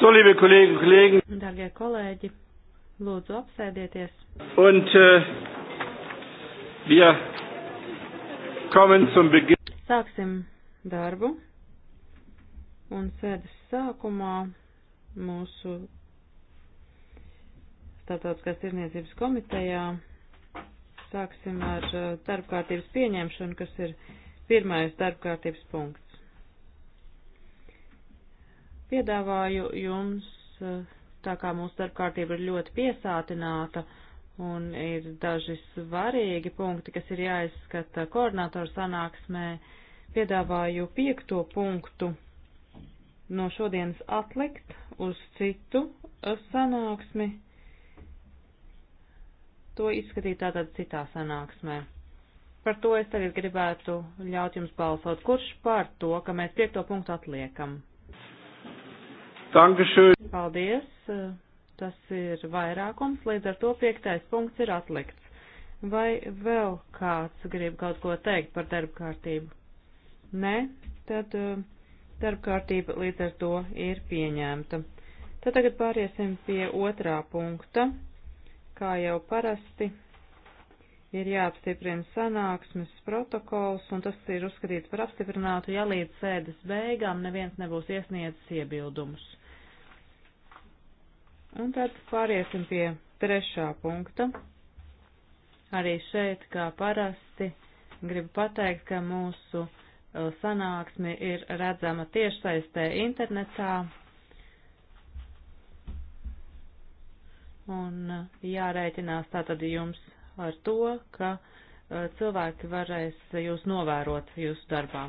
So, liebe Kolleginnen und Kollegen. Darbie kolēģi, lūdzu apsēdieties. Und uh, wir kommen zum Beginn. Sāksim darbu. Un sēdes sākumā mūsu Startautiskās tirniecības komitejā sāksim ar äh, darbkārtības pieņemšanu, kas ir pirmais darbkārtības punkts. Piedāvāju jums, eh, tā kā mūsu darbkārtība ir ļoti piesātināta un ir daži svarīgi punkti, kas ir jāizskata koordinātoru sanāksmē, piedāvāju piekto punktu no šodienas atlikt uz citu eh, sanāksmi. To izskatīt tātad citā sanāksmē. Par to es tagad gribētu ļaut jums balsot. Kurš par to, ka mēs piekto punktu atliekam? Dankeschön. Paldies. Tas ir vairākums, līdz ar to piektais punkts ir atlikts. Vai vēl kāds grib kaut ko teikt par darba kārtību? Nē, tad eh, darba kārtība līdz ar to ir pieņēmta. Tad tagad pāriesim pie otrā punkta. Kā jau parasti, ir jāapstiprina sanāksmes protokols, un tas ir uzskatīts par apstiprinātu, ja līdz sēdes beigām neviens nebūs iesniedzis iebildumus. Un tad pāriesim pie trešā punkta. Arī šeit, kā parasti, gribu pateikt, ka mūsu e, sanāksme ir redzama tiešsaistē internetā. Un e, jārēķinās tātad jums ar to, ka e, cilvēki varēs jūs novērot jūsu darbā.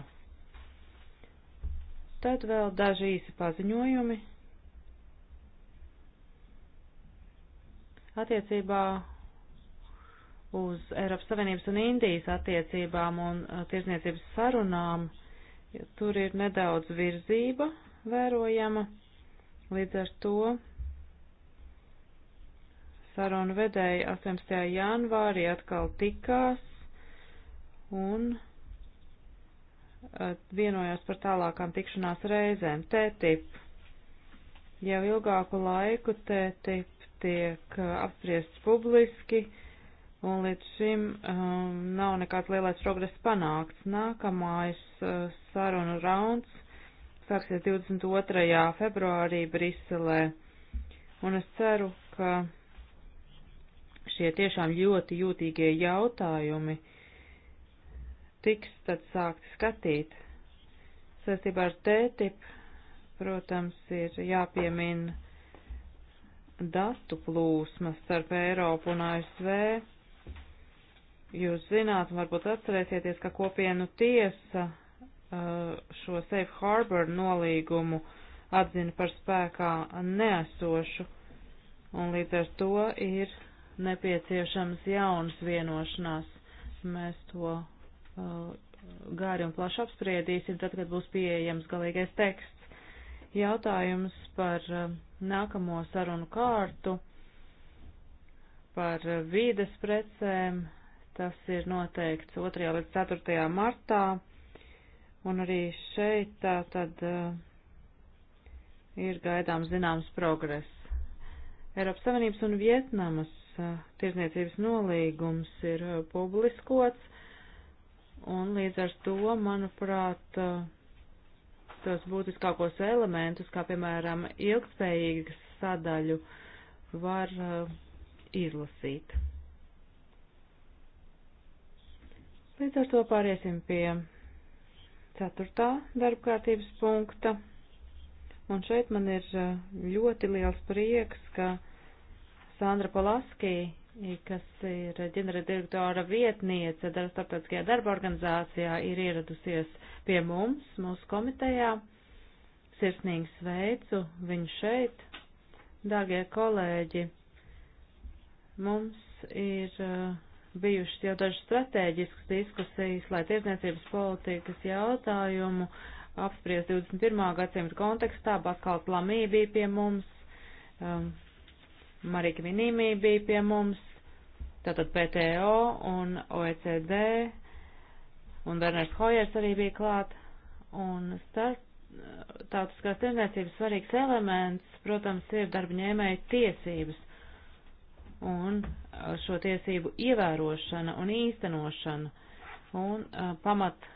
Tad vēl daži īsi paziņojumi attiecībā uz Eiropas Savienības un Indijas attiecībām un uh, tirzniecības sarunām. Tur ir nedaudz virzība vērojama, līdz ar to sarunu vedēji 18. janvārī atkal tikās un uh, vienojās par tālākām tikšanās reizēm. TTIP jau ilgāku laiku TTIP tiek uh, apspriests publiski, un līdz šim um, nav nekāds lielais progress panākts. Nākamais uh, sarunu rauns sāksies 22. februārī Briselē, un es ceru, ka šie tiešām ļoti jūtīgie jautājumi tiks tad sākt skatīt. Sēstībā ar tētip, protams, ir jāpiemina datu plūsmas starp Eiropu un ASV. Jūs zināt, varbūt atcerēsieties, ka kopienu tiesa uh, šo Safe Harbor nolīgumu atzina par spēkā neesošu, un līdz ar to ir nepieciešams jaunas vienošanās. Mēs to uh, gāri un plaši apspriedīsim, tad, kad būs pieejams galīgais teksts. Jautājums par uh, nākamo sarunu kārtu par vīdes precēm. Tas ir noteikts 2. līdz 4. martā. Un arī šeit tā tad uh, ir gaidāms zināms progress. Eiropas Savienības un Vietnamas uh, tirzniecības nolīgums ir uh, publiskots, un līdz ar to, manuprāt, uh, tos būtiskākos elementus, kā piemēram ilgspējīgas sadaļu, var uh, izlasīt. Līdz ar to pāriesim pie ceturtā darbkārtības punkta. Un šeit man ir uh, ļoti liels prieks, ka Sandra Polaskī kas ir ģenerāldirektora vietniece darba starptautiskajā darba organizācijā, ir ieradusies pie mums, mūsu komitejā. Sirsnīgi sveicu viņu šeit. Dārgie kolēģi, mums ir uh, bijušas jau dažas strateģiskas diskusijas, lai tiesniecības politikas jautājumu apspriest 21. gadsimta kontekstā. Baskals Lamī bija pie mums. Um, Marika Vinīmī bija pie mums, tātad PTO un OECD, un Werners Hojers arī bija klāt, un starp tautiskās tirdzniecības svarīgs elements, protams, ir darbņēmēja tiesības un šo tiesību ievērošana un īstenošana un uh, pamat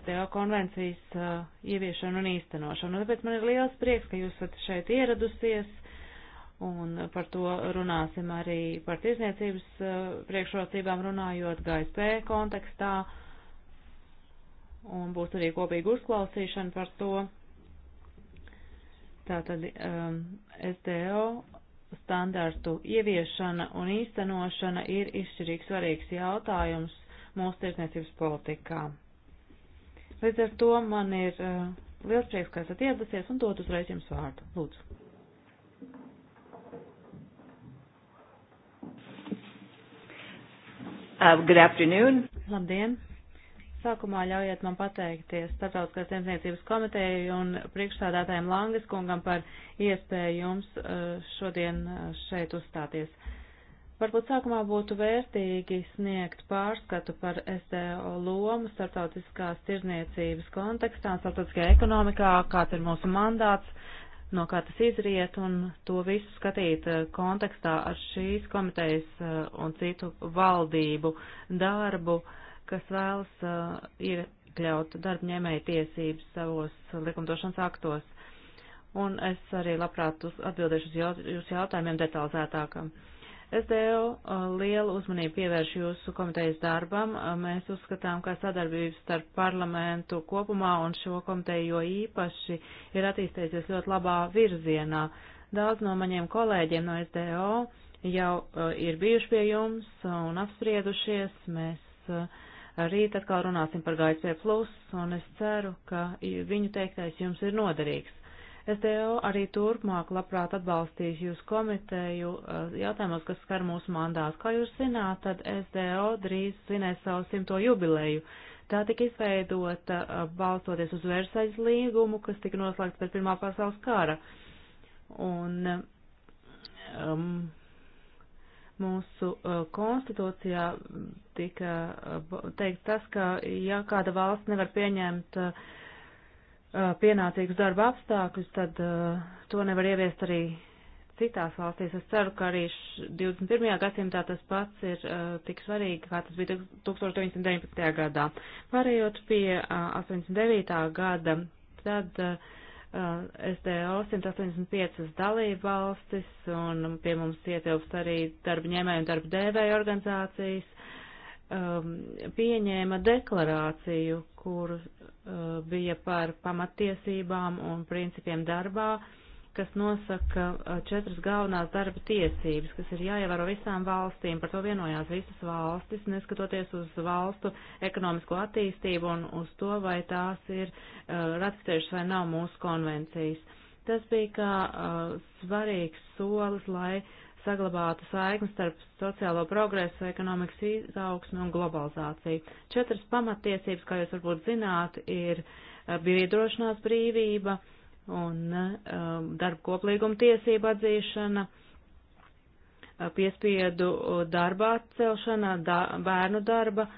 SDO konvencijas uh, ieviešana un īstenošana. Un tāpēc man ir liels prieks, ka jūs esat šeit ieradusies un par to runāsim arī par tirsniecības uh, priekšrocībām runājot GSP kontekstā, un būs arī kopīga uzklausīšana par to. Tātad um, SDO standartu ieviešana un īstenošana ir izšķirīgs svarīgs jautājums mūsu tirsniecības politikā. Līdz ar to man ir uh, liels prieks, ka esat ieradusies un dot uzreiz jums vārdu. Lūdzu. Uh, good afternoon. Labdien. Sākumā ļaujiet man pateikties Startautiskās tiesniecības komitejai un priekšstādātājiem Langas kungam par iespēju jums uh, šodien uh, šeit uzstāties. Varbūt sākumā būtu vērtīgi sniegt pārskatu par SDO lomu starptautiskās tirzniecības kontekstā un starptautiskajā ekonomikā, kāds ir mūsu mandāts, no kā tas izriet, un to visu skatīt eh, kontekstā ar šīs komitejas eh, un citu valdību darbu, kas vēlas eh, iekļaut darbņēmēju tiesības savos likumdošanas aktos. Un es arī labprāt uz, atbildēšu uz jūsu jautājumiem detalizētākam. Uh, Es tev uh, lielu uzmanību pievēršu jūsu komitejas darbam. Uh, mēs uzskatām, ka sadarbības starp parlamentu kopumā un šo komiteju jo īpaši ir attīstījusies ļoti labā virzienā. Daudz no maniem kolēģiem no SDO jau uh, ir bijuši pie jums un apspriedušies. Mēs rīt atkal runāsim par GSP plus un es ceru, ka viņu teiktais jums ir noderīgs. SDO arī turpmāk labprāt atbalstīs jūs komiteju eh, jautājumos, kas skar mūsu mandās. Kā jūs zināt, tad SDO drīz svinēs savu simto jubileju. Tā tika izveidota eh, balstoties uz Versaļas līgumu, kas tika noslēgts pēc Pirmā pasaules kara. Un um, mūsu uh, konstitūcijā tika uh, teikt tas, ka ja kāda valsts nevar pieņemt uh, Uh, pienācīgus darba apstākļus, tad uh, to nevar ieviest arī citās valstīs. Es ceru, ka arī 21. gadsimtā tas pats ir uh, tik svarīgi, kā tas bija 1919. gadā. Pārējot pie uh, 89. gada, tad uh, uh SDO 185 dalība valstis un pie mums ietilpst arī darba ņēmēju un darba devēju organizācijas. Uh, um, pieņēma deklarāciju, kur uh, bija par pamatiesībām un principiem darbā, kas nosaka uh, četras galvenās darba tiesības, kas ir jāievēro visām valstīm. Par to vienojās visas valstis, neskatoties uz valstu ekonomisko attīstību un uz to, vai tās ir uh, ratificējušas vai nav mūsu konvencijas. Tas bija kā uh, svarīgs solis, lai uh, saglabātu saikni starp sociālo progresu, ekonomikas izaugsmi un globalizāciju. Četras pamattiesības, kā jūs varbūt zināt, ir eh, biedrošanās brīvība un eh, um, darba koplīguma tiesība atzīšana, eh, piespiedu darba atcelšana, da, bērnu darba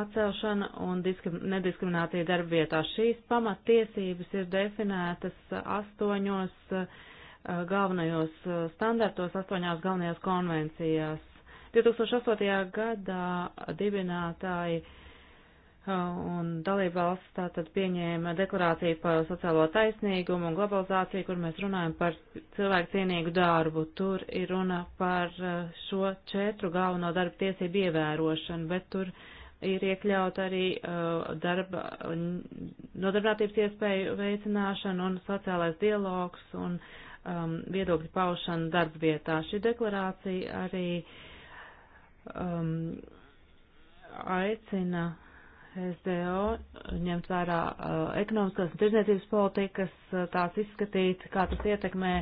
atcelšana un diskrim, nediskriminācija darba vietā. Šīs pamattiesības ir definētas astoņos uh, galvenajos standartos, astoņās galvenajās konvencijās. 2008. gadā dibinātāji un dalībvalsts tātad pieņēma deklarāciju par sociālo taisnīgumu un globalizāciju, kur mēs runājam par cilvēku cienīgu darbu. Tur ir runa par šo četru galveno darba tiesību ievērošanu, bet tur ir iekļaut arī darba, nodarbinātības iespēju veicināšanu un sociālais dialogs un uh, um, viedokļu paušanu darba vietā. Šī deklarācija arī um, aicina SDO ņemt vērā uh, ekonomiskās un tirzniecības politikas, uh, tās izskatīt, kā tas ietekmē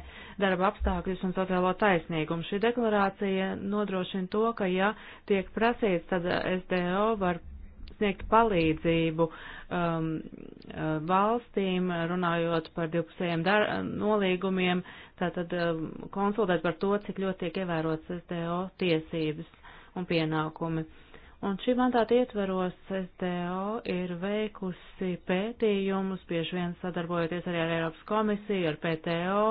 darba apstākļus un sociālo taisnīgumu. Šī deklarācija nodrošina to, ka, ja tiek prasīts, tad SDO var sniegt palīdzību um, valstīm, runājot par divpusējiem nolīgumiem, tātad um, konsultēt par to, cik ļoti tiek ievērotas SDO tiesības un pienākumi. Un šī mandāta ietveros SDO ir veikusi pētījumus, bieži vien sadarbojoties arī ar Eiropas komisiju, ar PTO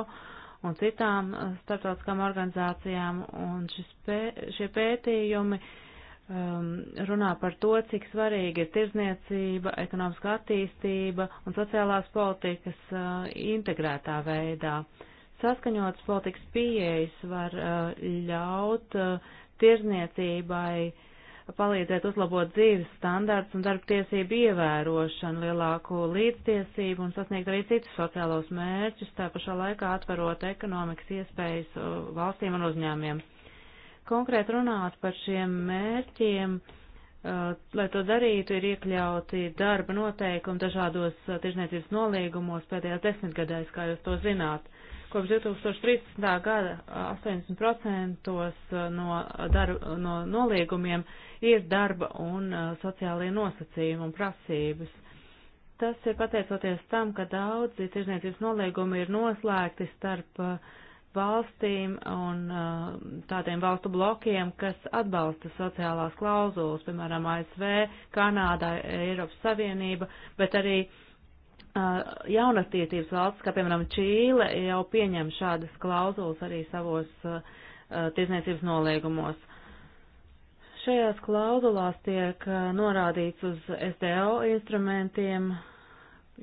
un citām starptautiskām organizācijām, un šis pē, šie pētījumi uh, um, runā par to, cik svarīgi ir tirzniecība, ekonomiskā attīstība un sociālās politikas uh, integrētā veidā. Saskaņotas politikas pieejas var uh, ļaut uh, tirzniecībai palīdzēt uzlabot dzīves standārts un darba tiesību ievērošanu, lielāku līdztiesību un sasniegt arī citus sociālos mērķus, tā pašā laikā atverot ekonomikas iespējas uh, valstīm un uzņēmiem konkrēti runāt par šiem mērķiem, uh, lai to darītu, ir iekļauti darba noteikumi dažādos uh, tirzniecības nolīgumos pēdējās desmitgadēs, kā jūs to zināt. Kopš 2013. gada 80% uh, no, darba, no nolīgumiem ir darba un sociālie nosacījumi un prasības. Tas ir pateicoties tam, ka daudzi tirzniecības nolīgumi ir noslēgti starp uh, valstīm un uh, tādiem valstu blokiem, kas atbalsta sociālās klauzulas, piemēram, ASV, Kanādā, Eiropas Savienība, bet arī uh, jaunatīstības valsts, kā piemēram Čīle, jau pieņem šādas klauzulas arī savos uh, tiesniecības noliegumos. Šajās klauzulās tiek uh, norādīts uz SDO instrumentiem, uh,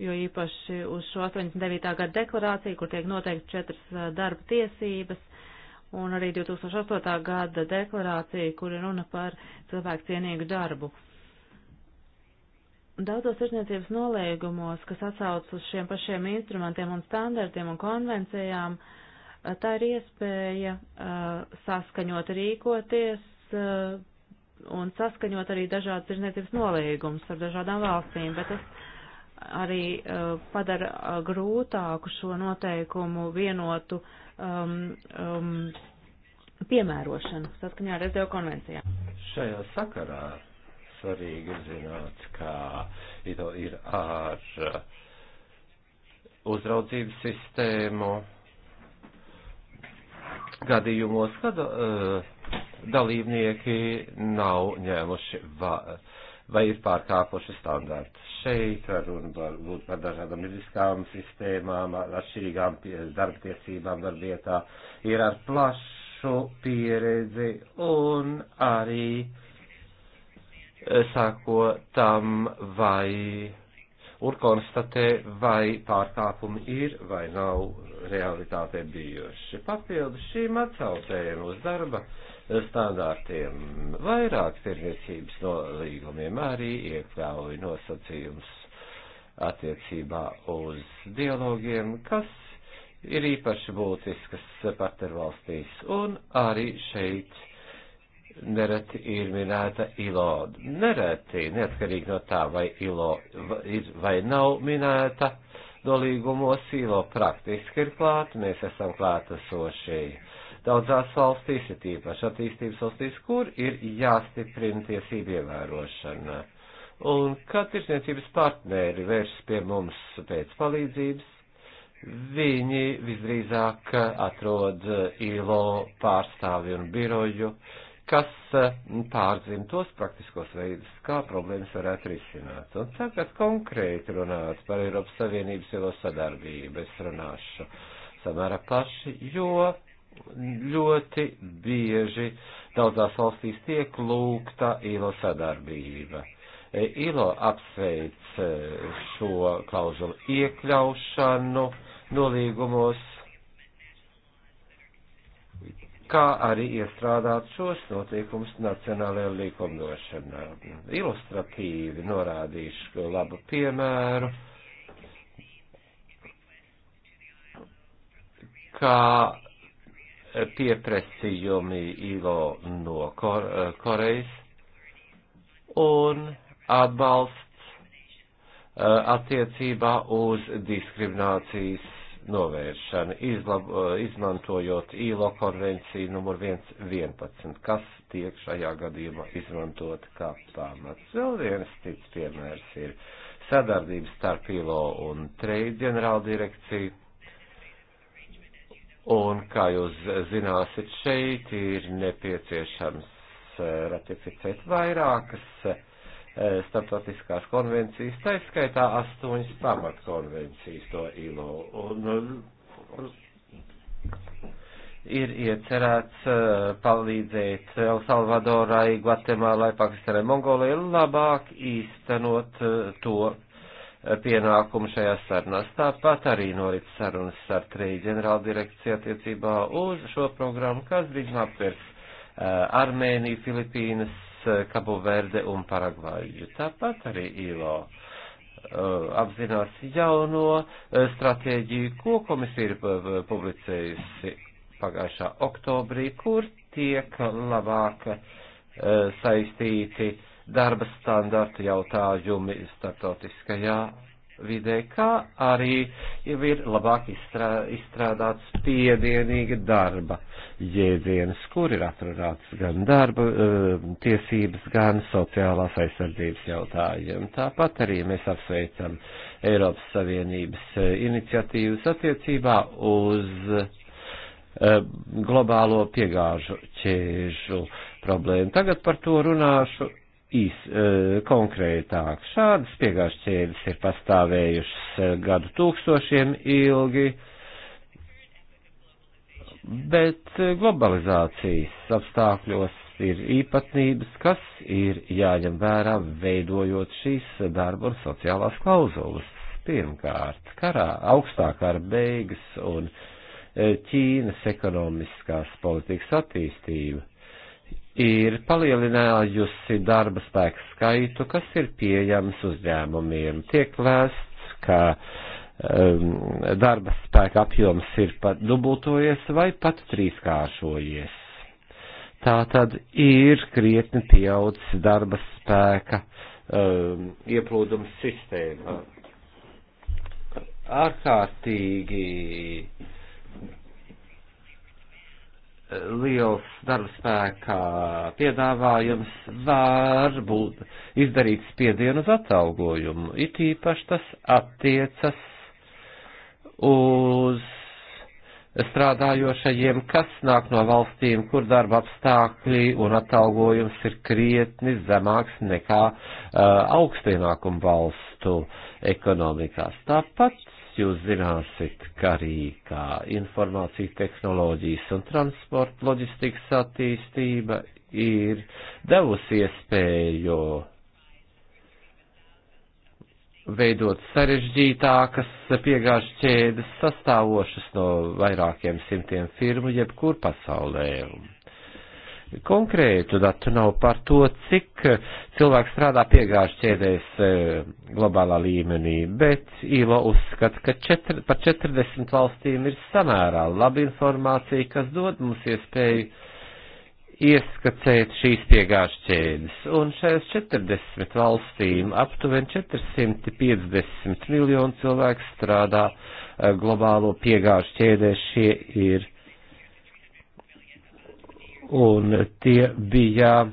jo īpaši uz šo 89. gada deklarāciju, kur tiek noteikti četras darba tiesības, un arī 2008. gada deklarācija, kur ir runa par cilvēku cienīgu darbu. Daudzos tirsniecības nolēgumos, kas atsauc uz šiem pašiem instrumentiem un standartiem un konvencijām, tā ir iespēja uh, saskaņot rīkoties uh, un saskaņot arī dažādas tirsniecības nolēgumus ar dažādām valstīm, bet es arī uh, padara uh, grūtāku šo noteikumu vienotu um, um, piemērošanu saskaņā ar SDO konvencijām. Šajā sakarā svarīgi zināt, kā ir ar uh, uzraudzības sistēmu gadījumos, kad uh, dalībnieki nav ņēmuši vērā vai ir pārkāpuši standārtus. Šeit var un var būt par dažādām juridiskām sistēmām, atšķirīgām darbtiesībām darbietā, ir ar plašu pieredzi un arī eh, sāko tam vai un konstatē, vai pārkāpumi ir vai nav realitātē bijuši. Papildu šīm atsaucējiem uz darba standārtiem. Vairāk tirniecības nolīgumiem arī iekļauj nosacījums attiecībā uz dialogiem, kas ir īpaši būtiskas partnervalstīs, un arī šeit nereti ir minēta ILO. Nereti, neatkarīgi no tā, vai ILO ir vai nav minēta, nolīgumos ILO praktiski ir klāta, mēs esam klātesošie daudzās valstīs, ir tīpaši attīstības valstīs, kur ir jāstiprina tiesību ievērošana. Un, kad tirsniecības partneri vēršas pie mums pēc palīdzības, viņi visdrīzāk atrod eh, ILO pārstāvi un biroju, kas eh, pārzina tos praktiskos veidus, kā problēmas varētu risināt. Un tagad konkrēti runāt par Eiropas Savienības ILO sadarbību, es runāšu samērā paši, jo ļoti bieži daudzās valstīs tiek lūgta ILO sadarbība. E, ILO apsveic e, šo klauzulu iekļaušanu nolīgumos, kā arī iestrādāt šos notiekumus nacionālajā likumdošanā. Ilustratīvi norādīšu labu piemēru, kā pieprasījumi ILO no Kor Korejas un atbalsts e, attiecībā uz diskriminācijas novēršanu, izlabo, e, izmantojot ILO konvenciju numur 111, kas tiek šajā gadījumā izmantot kā pamats. Vēl viens cits piemērs ir sadarbības starp ILO un Trade ģenerāldirekciju Un, kā jūs zināsiet, šeit ir nepieciešams eh, ratificēt vairākas eh, starptautiskās konvencijas, tā skaitā astoņas pamatkonvencijas to ILO. Un, un, ir iecerēts eh, palīdzēt El Salvadorai, Gvatemalai, Pakistanai, Mongolijai labāk īstenot to pienākumu šajās sarunās. Tāpat arī norit sarunas ar treju ģenerāla direkciju attiecībā uz šo programmu, kas drīzumā aptvers eh, Armēniju, Filipīnas, eh, Kabu Verde un Paragvāju. Tāpat arī ILO eh, apzinās jauno stratēģiju, ko komisija ir publicējusi pagājušā oktobrī, kur tiek labāk saistīti uh, darba standarta jautājumi starptautiskajā vidē, kā arī jau ir labāk izstrā, izstrādāts piedienīga darba jēdzienas, kur ir atrunāts gan darba eh, tiesības, gan sociālās aizsardzības jautājumi. Tāpat arī mēs apsveicam Eiropas Savienības eh, iniciatīvas attiecībā uz eh, globālo piegāžu ķēžu problēmu. Tagad par to runāšu īs, e, konkrētāk. Šādas piegāžu ķēdes ir pastāvējušas e, gadu tūkstošiem ilgi, bet e, globalizācijas apstākļos ir īpatnības, kas ir jāņem vērā veidojot šīs darba un sociālās klauzulas. Pirmkārt, karā augstākā ar beigas un Ķīnas ekonomiskās politikas attīstība ir palielinājusi darba spēku skaitu, kas ir pieejams uzņēmumiem. Tiek lēsts, ka um, darba spēka apjoms ir pat dubultojies vai pat trīskāršojies. Tā tad ir krietni pieaudzis darba spēka um, ieplūdums sistēmā. Ārkārtīgi liels darbspēkā piedāvājums var būt izdarīt spiedienu uz atalgojumu. It īpaši tas attiecas uz strādājošajiem, kas nāk no valstīm, kur darba apstākļi un atalgojums ir krietni zemāks nekā uh, augstienākumu valstu ekonomikās. Tāpat jūs zināsiet, ka arī kā informācija tehnoloģijas un transporta loģistikas attīstība ir devusi iespēju veidot sarežģītākas piegāžu ķēdes sastāvošas no vairākiem simtiem firmu jebkur pasaulē konkrētu datu nav par to, cik cilvēks strādā piegāžu ķēdēs e, globālā līmenī, bet ILO uzskata, ka četr, par 40 valstīm ir samērā laba informācija, kas dod mums iespēju ieskacēt šīs piegāžu ķēdes. Un šajās 40 valstīm aptuveni 450 miljonu cilvēku strādā e, globālo piegāžu ķēdē. Šie ir un tie bija,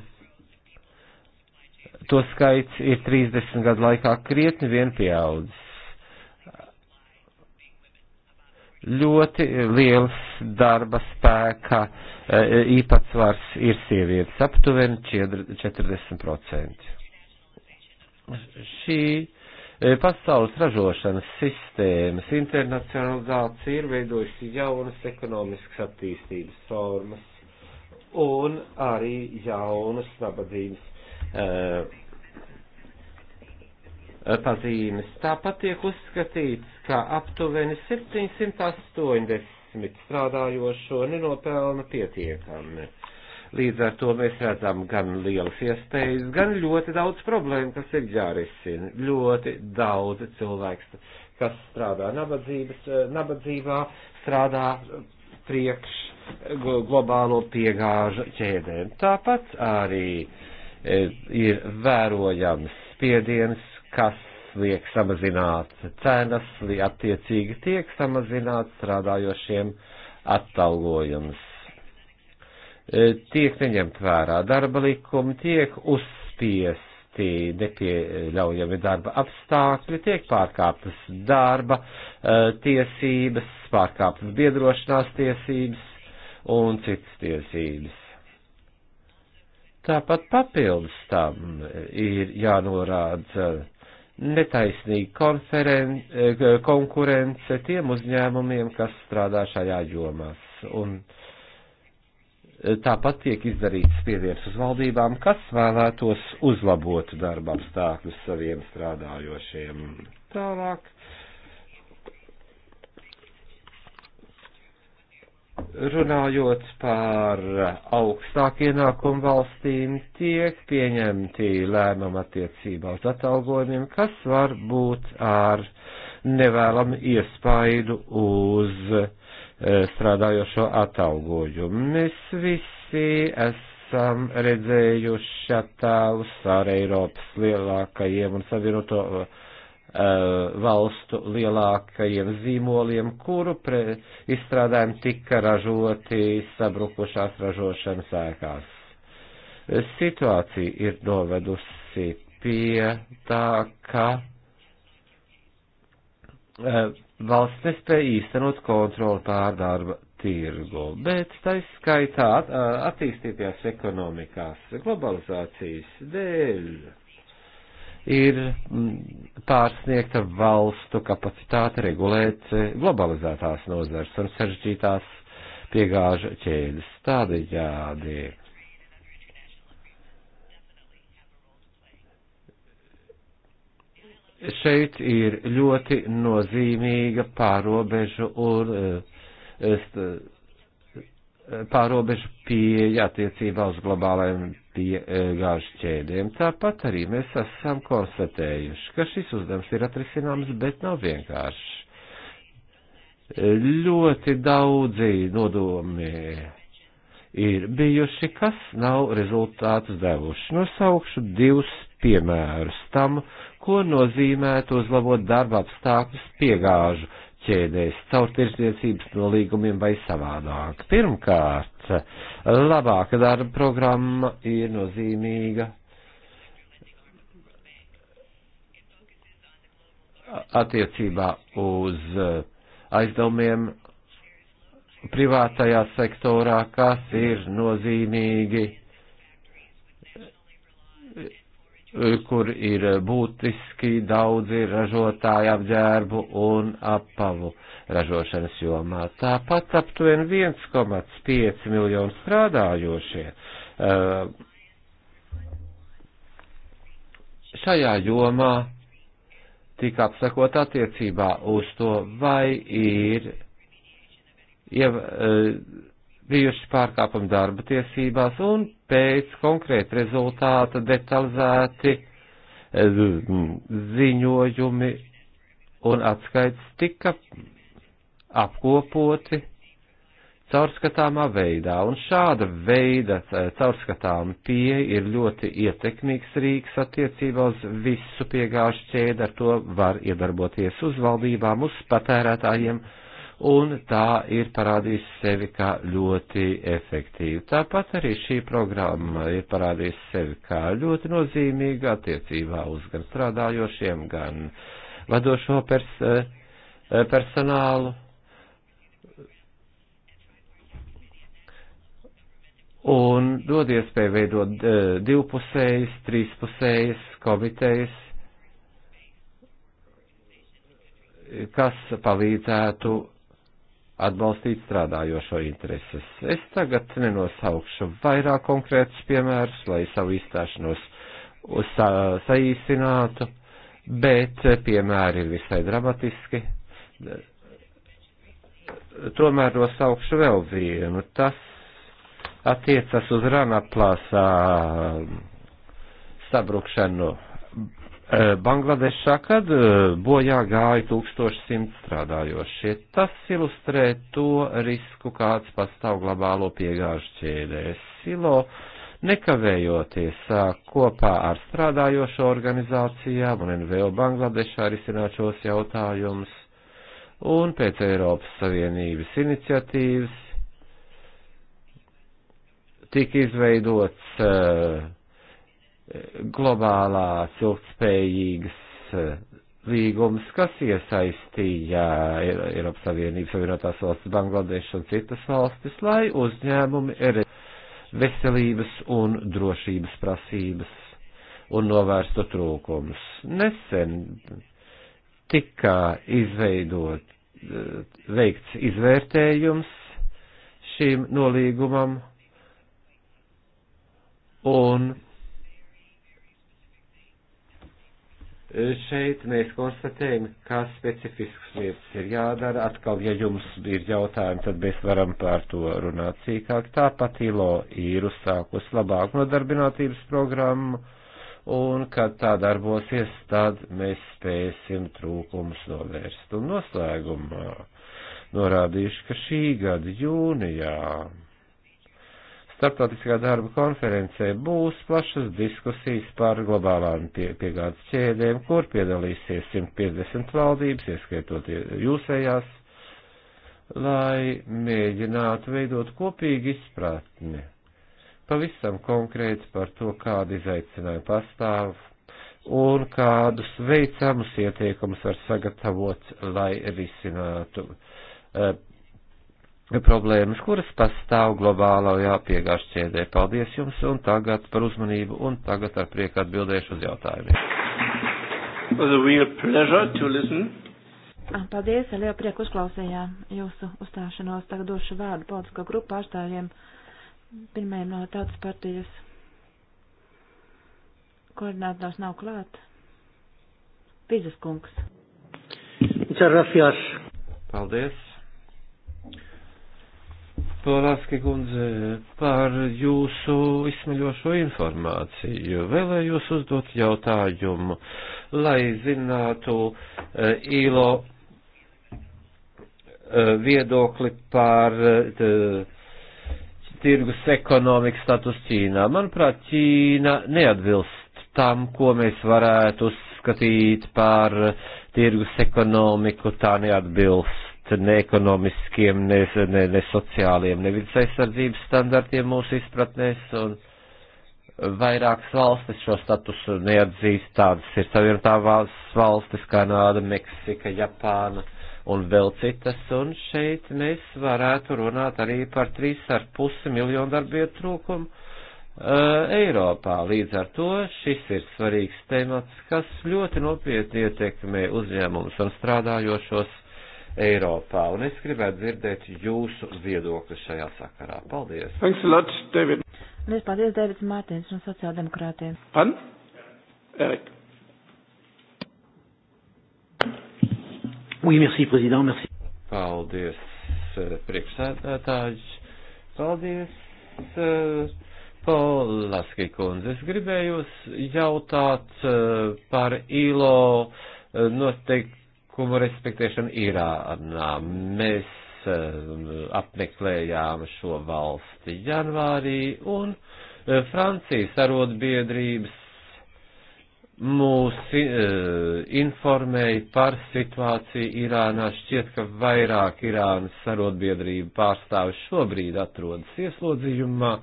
to skaits ir 30 gadu laikā krietni vien pieaudzis. Ļoti liels darba spēka eh, īpatsvars ir sievietes, aptuveni 40%. Šī eh, pasaules ražošanas sistēmas internacionalizācija ir veidojusi jaunas ekonomiskas attīstības formas, un arī jaunas nabadzības uh, pazīmes. Tāpat tiek uzskatīts, ka aptuveni 780 strādājošo nenopelna pietiekami. Līdz ar to mēs redzam gan lielas iespējas, gan ļoti daudz problēmu, kas ir jārisina. Ļoti daudz cilvēks, kas strādā nabadzības, eh, nabadzībā, strādā priekš eh, globālo piegāžu ķēdēm. Tāpat arī eh, ir vērojams spiediens, kas liek samazināt cenas, li attiecīgi tiek samazināt strādājošiem attalgojums. Eh, tiek neņemt vērā darba likumi, tiek uzspies ieviesti nepieļaujami darba apstākļi, tiek pārkāptas darba e, tiesības, pārkāptas biedrošanās tiesības un citas tiesības. Tāpat papildus tam ir jānorāda netaisnīga e, konkurence tiem uzņēmumiem, kas strādā šajā jomās. Un, uh, Eh, tāpat tiek izdarīts spiediens uz valdībām, kas vēlētos uzlabot darba apstākļus saviem strādājošiem. Tālāk. Runājot par augstāk ienākumu valstīm, tiek pieņemti lēmumi attiecībā uz atalgojumiem, kas var būt ar nevēlamu iespaidu uz uh, E, strādājošo atalgojumu. Mēs visi esam redzējuši attēlus ar Eiropas lielākajiem un savienoto uh, valstu lielākajiem zīmoliem, kuru pre, izstrādājumi tika ražoti sabrukušās ražošanas ēkās. Situācija ir novedusi pie tā, ka uh, valsts nespēja īstenot kontroli pār darba tirgu, bet taiskaitā at, attīstītajās ekonomikās globalizācijas dēļ ir pārsniegta valstu kapacitāte regulēt e, globalizētās nozars un sarežģītās piegāžu ķēdes. Tādējādi Šeit ir ļoti nozīmīga pārobežu un eh, eh, pārobežu pieeja attiecībā uz globālajiem piegāžu ķēdēm. Tāpat arī mēs esam konstatējuši, ka šis uzdevums ir atrisināms, bet nav vienkāršs. Ļoti daudzi nodomi ir bijuši, kas nav rezultātus devuši. Nosaukšu nu, divus piemērus tam, uh, ko nozīmētu uzlabot darba apstākļus piegāžu ķēdēs, caur tirsniecības nolīgumiem vai savādāk. Pirmkārt, labāka darba programma ir nozīmīga attiecībā uz aizdevumiem privātajā sektorā, kas ir nozīmīgi kur ir būtiski daudzi ražotāji apģērbu un apavu ražošanas jomā. Tāpat aptuveni 1,5 miljonu strādājošie eh, šajā jomā tika apsakot attiecībā uz to, vai ir ja, eh, bijuši pārkāpumi darba tiesībās un pēc konkrēta rezultāta detalizēti eh, ziņojumi un atskaits tika apkopoti caurskatāmā veidā, un šāda veida eh, caurskatāma pieeja ir ļoti ietekmīgs rīks attiecībā uz visu piegāžu ķēdi, ar to var iedarboties uz valdībām, uz patērētājiem, uh, un tā ir parādījusi sevi kā ļoti efektīva. Tāpat arī šī programma ir parādījusi sevi kā ļoti nozīmīga attiecībā uz gan strādājošiem, gan vadošo pers eh, personālu. Un dod iespēju veidot eh, divpusējas, trīspusējas komitejas, kas palīdzētu atbalstīt strādājošo intereses. Es tagad nenosaukšu vairāk konkrētus piemērus, lai savu izstāšanos sa saīsinātu, bet piemēri ir visai dramatiski. Tomēr nosaukšu vēl vienu. Tas attiecas uz Rana plāsā sabrukšanu Eh, Bangladešā, kad eh, bojā gāja 1100 strādājošie. Tas ilustrē to risku, kāds pastāv globālo piegāžu ķēdē. Silo nekavējoties eh, kopā ar strādājošo organizācijām un NVO Bangladešā risināt šos jautājumus un pēc Eiropas Savienības iniciatīvas tika izveidots uh, globālās ilgtspējīgas eh, līgumus, kas iesaistīja Eiropas Savienības Savienotās valsts, Bangladešu un citas valstis, lai uzņēmumi ir veselības un drošības prasības un novērstu trūkumus. Nesen tika izveidot, eh, veikts izvērtējums šīm nolīgumam un Šeit mēs konstatējam, kā specifiskas lietas ir jādara. Atkal, ja jums ir jautājumi, tad mēs varam pār to runāt cīkāk. Tāpat ILO ir uzsākus labāku nodarbinātības programmu, un kad tā darbosies, tad mēs spēsim trūkumus novērst. Un noslēgumā norādīšu, ka šī gada jūnijā Startautiskā darba konferencē būs plašas diskusijas par globālām pie, piegādes ķēdēm, kur piedalīsies 150 valdības, ieskaitot jūsējās, lai mēģinātu veidot kopīgu izpratni pavisam konkrēti par to, kāda izaicinājuma pastāv un kādus veicamus ieteikumus var sagatavot, lai risinātu eh, problēmas, kuras pastāv globālajā piegāžu ķēdē. Paldies jums un tagad par uzmanību un tagad ar prieku atbildēšu uz jautājumiem. Ah, paldies, ar lielu prieku uzklausījām jūsu uzstāšanos. Tagad došu vārdu politisko grupu pārstāvjiem, pirmajam no tautas partijas. Koordinātors nav klāt. Pizas kungs. Paldies. Polāski kundze, par jūsu izsmeļošo informāciju. Vēlējos uzdot jautājumu, lai zinātu uh, eh, īlo uh, eh, viedokli par uh, tirgus ekonomikas status Ķīnā. Manuprāt, Ķīna neatbilst tam, ko mēs varētu uzskatīt par tirgus ekonomiku, tā neatbilst atbilst ne ekonomiskiem, ne, ne, ne sociāliem, ne vidas aizsardzības standartiem mūsu izpratnēs, un vairākas valstis šo statusu neatzīst. Tādas ir savienotās valstis, Kanāda, Meksika, Japāna un vēl citas, un šeit mēs varētu runāt arī par 3,5 miljonu darbietu trūkumu. Uh, Eiropā. Līdz ar to šis ir svarīgs temats, kas ļoti nopietni ietekmē uzņēmumus un strādājošos Eiropā, un es gribētu dzirdēt jūsu viedokli šajā sakarā. Paldies! Thanks a lot, David! Lies paldies, Davids Mārtiņš no sociāldemokrātiem. Pan? Erik. Oui, merci, président, merci. Paldies, eh, priekšsēdētājs. Paldies, eh, Polaski kundze. Es gribēju jautāt eh, par ILO noteikt likumu respektēšanu Irānā. Mēs um, apmeklējām šo valsti janvārī, un uh, Francijas arotbiedrības mūs uh, informēja par situāciju Irānā. Šķiet, ka vairāk Irānas arotbiedrību pārstāvi šobrīd atrodas ieslodzījumā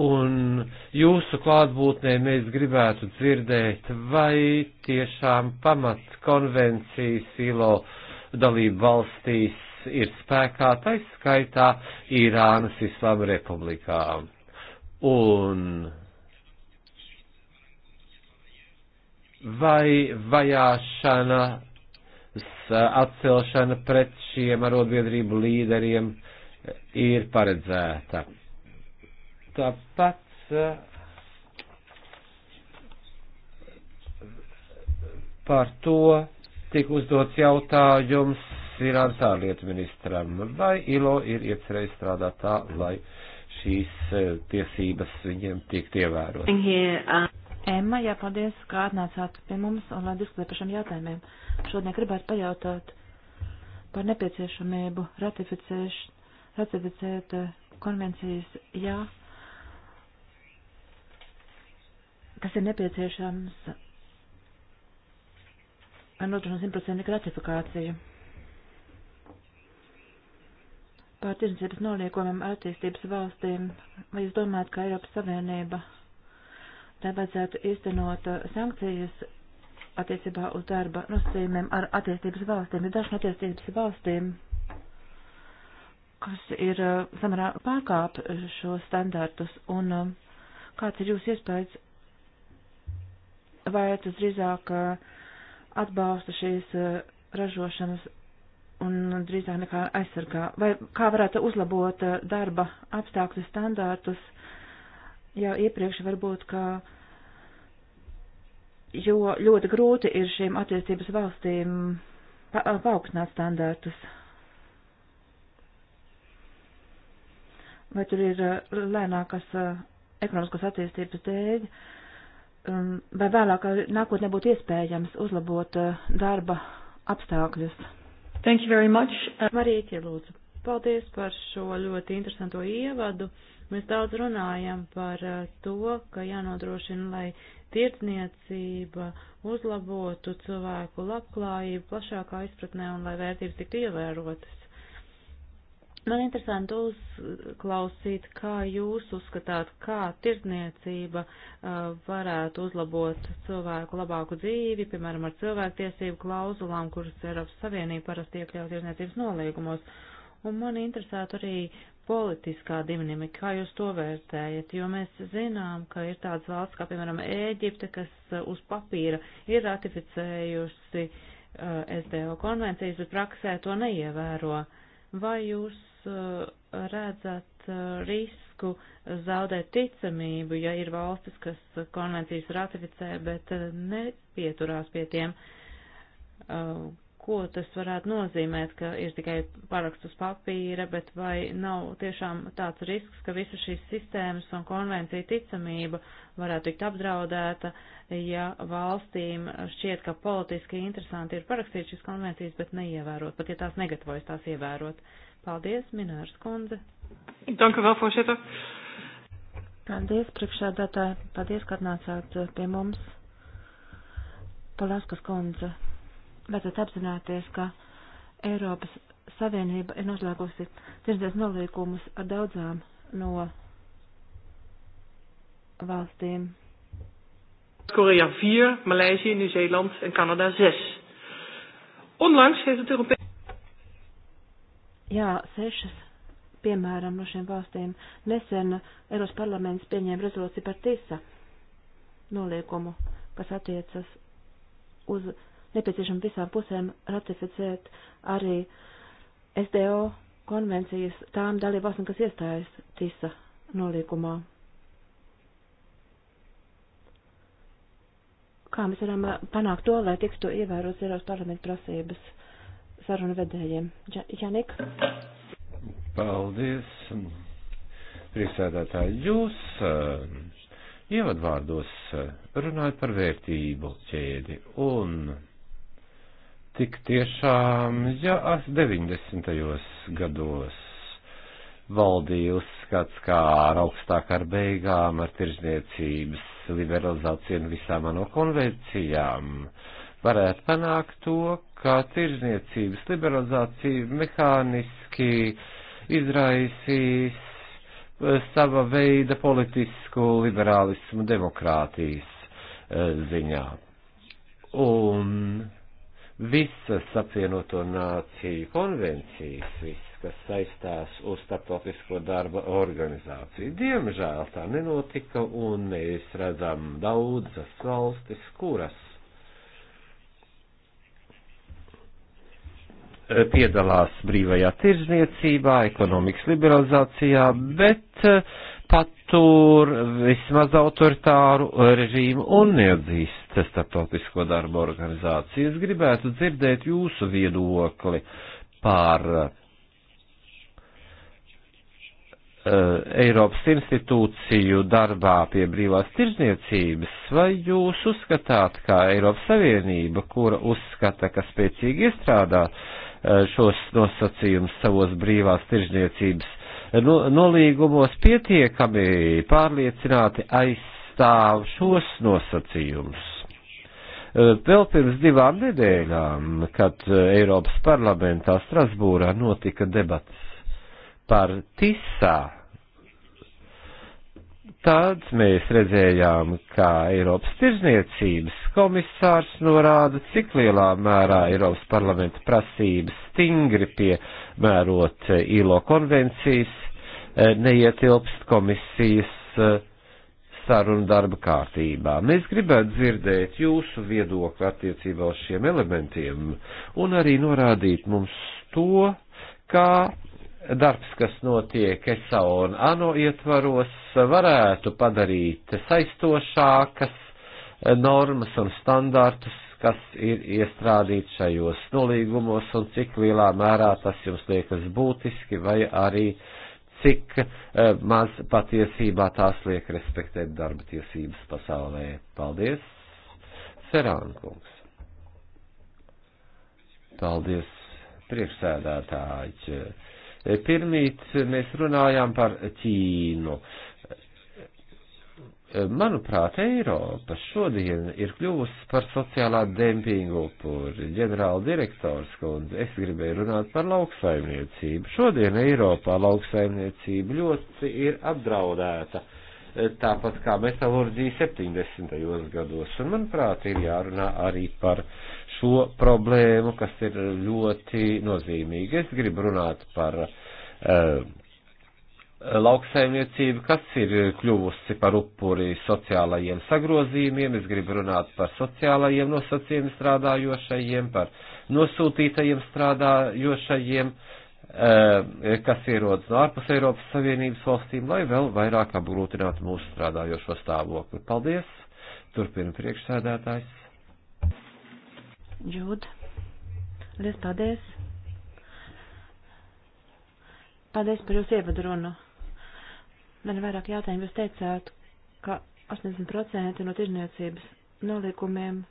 un jūsu klātbūtnē mēs gribētu dzirdēt, vai tiešām pamats konvencijas ILO dalību valstīs ir spēkā, tai skaitā Irānas Islama Republikā. Un vai vajāšana, atcelšana pret šiem arotbiedrību līderiem ir paredzēta? Tāpat eh, par to tika uzdots jautājums Irānas ārlietu ministram, vai ILO ir iecerējis strādāt tā, lai šīs eh, tiesības viņiem tiek ievērotas. Uh, Emma, jā, paldies, kā atnācāt pie mums un lai diskutētu par šiem jautājumiem. Šodien gribētu pajautāt par nepieciešamību ratificēt eh, konvencijas, jā, kas ir nepieciešams ar nodrošināt simtprocentīgu ratifikāciju. Pār tirdzniecības noliekumiem ar attīstības valstīm, vai jūs domājat, ka Eiropas Savienība tā vajadzētu īstenot uh, sankcijas attiecībā uz darba nosacījumiem ar attīstības valstīm, ir daži no attīstības valstīm, kas ir uh, samarā pārkāp šos standartus, un uh, kāds ir jūsu iespējas vai tas drīzāk atbalsta šīs ražošanas un drīzāk nekā aizsargā? Vai kā varētu uzlabot darba apstākļu standārtus jau iepriekš varbūt, ka jo ļoti grūti ir šīm attiecības valstīm pa paaugstināt standārtus. Vai tur ir lēnākas ekonomiskās attīstības dēļ? Uh, Um, vai vēlāk nākotnē būtu iespējams uzlabot uh, darba apstākļus. Thank you very much. Uh, Marīķi, lūdzu. Paldies par šo ļoti interesanto ievadu. Mēs daudz runājam par uh, to, ka jānodrošina, lai tirdzniecība uzlabotu cilvēku labklājību plašākā izpratnē un lai vērtības tiktu ievērotas. Man interesanti uzklausīt, kā jūs uzskatāt, kā tirzniecība uh, varētu uzlabot cilvēku labāku dzīvi, piemēram, ar cilvēktiesību klauzulām, kuras Eiropas Savienība parasti iekļauj tirzniecības nolīgumos. Un man interesētu arī politiskā dinamika, kā jūs to vērtējat, jo mēs zinām, ka ir tādas valsts kā, piemēram, Ēģipte, kas uz papīra ir ratificējusi uh, SDO konvencijas, bet praksē to neievēro. Vai jūs Eh, redzat eh, risku zaudēt ticamību, ja ir valstis, kas konvencijas ratificē, bet eh, nepieturās pie tiem? ko tas varētu nozīmēt, ka ir tikai paraksts uz papīra, bet vai nav tiešām tāds risks, ka visa šīs sistēmas un konvencija ticamība varētu tikt apdraudēta, ja valstīm šķiet, ka politiski interesanti ir parakstīt šīs konvencijas, bet neievērot, pat ja tās negatavojas tās ievērot. Paldies, Minērs kundze. Danke vēl, Fošeta. Paldies, priekšādātāji. Paldies, ka atnācāt pie mums. Palaskas kundze vajadzētu apzināties, ka Eiropas Savienība ir noslēgusi tirdzniecības nolīkumus ar daudzām no valstīm. Korea 4, Maleisië, Nieuw-Zeeland en Canada 6. Onlangs heeft het Europees. Jā, sešas, piemēram, no šiem valstīm nesen Eiropas parlaments pieņēma rezolūciju par TISA noliekumu, kas attiecas uz nepieciešama visām pusēm ratificēt arī SDO konvencijas tām dalībvalstīm, kas iestājas TISA nolīgumā. Kā mēs varam eh, panākt to, lai tiktu ievērots Eiropas parlamenta prasības sarunu vedējiem? Janik? Paldies, priekšsēdētāji. Jūs uh, ievadvārdos eh, runājat par vērtību ķēdi un tik tiešām, ja 90. gados valdīja uzskats, kā ar augstāk ar beigām, ar tirzniecības liberalizāciju un visām ANO konvencijām, varētu panākt to, ka tirzniecības liberalizācija mehāniski izraisīs sava veida politisku liberālismu demokrātijas eh, ziņā. Un visas apvienoto nāciju konvencijas, viss, kas saistās uz starptautisko darba organizāciju. Diemžēl tā nenotika, un mēs redzam daudzas valstis, kuras piedalās brīvajā tirzniecībā, ekonomikas liberalizācijā, bet pat tur vismaz autoritāru režīmu un neatzīst starptautisko darbu organizāciju. Es gribētu dzirdēt jūsu viedokli par uh, Eiropas institūciju darbā pie brīvās tirzniecības, vai jūs uzskatāt, kā Eiropas Savienība, kura uzskata, ka spēcīgi iestrādā uh, šos nosacījumus savos brīvās tirzniecības no, nu, nolīgumos pietiekami pārliecināti aizstāv šos nosacījumus. Eh, vēl pirms divām nedēļām, kad eh, Eiropas parlamentā Strasbūrā notika debats par TISā tad mēs redzējām, kā Eiropas tirzniecības komisārs norāda, cik lielā mērā Eiropas parlamenta prasības stingri piemērot ILO konvencijas eh, neietilpst komisijas eh, sarunu darba kārtībā. Mēs gribētu dzirdēt jūsu viedokli attiecībā uz šiem elementiem un arī norādīt mums to, kā darbs, kas notiek ESA un ANO ietvaros, varētu padarīt saistošākas normas un standārtus, kas ir iestrādīts šajos nolīgumos un cik lielā mērā tas jums liekas būtiski vai arī cik eh, maz patiesībā tās liek respektēt darba tiesības pasaulē. Paldies, Serānkungs. Paldies, priekšsēdētāji. Pirmīt mēs runājām par Ķīnu. Manuprāt, Eiropa šodien ir kļuvusi par sociālā dempingu upuri. Ģenerāla direktors, kundze, es gribēju runāt par lauksaimniecību. Šodien Eiropā lauksaimniecība ļoti ir apdraudēta tāpat kā metalurģija 70. gados, un, manuprāt, ir jārunā arī par šo problēmu, kas ir ļoti nozīmīga. Es gribu runāt par uh, lauksaimniecību, kas ir kļuvusi par upuri sociālajiem sagrozījumiem, es gribu runāt par sociālajiem nosacījumiem strādājošajiem, par nosūtītajiem strādājošajiem, eh, kas ierodas no ārpus Eiropas Savienības valstīm, lai vēl vairāk apgrūtinātu mūsu strādājošo stāvokli. Paldies! Turpina priekšsēdētājs. Džūd. Lies paldies. Paldies par jūsu ievadrunu. Man ir vairāk jautājumu. Jūs teicāt, ka 80% no tirzniecības noliekumiem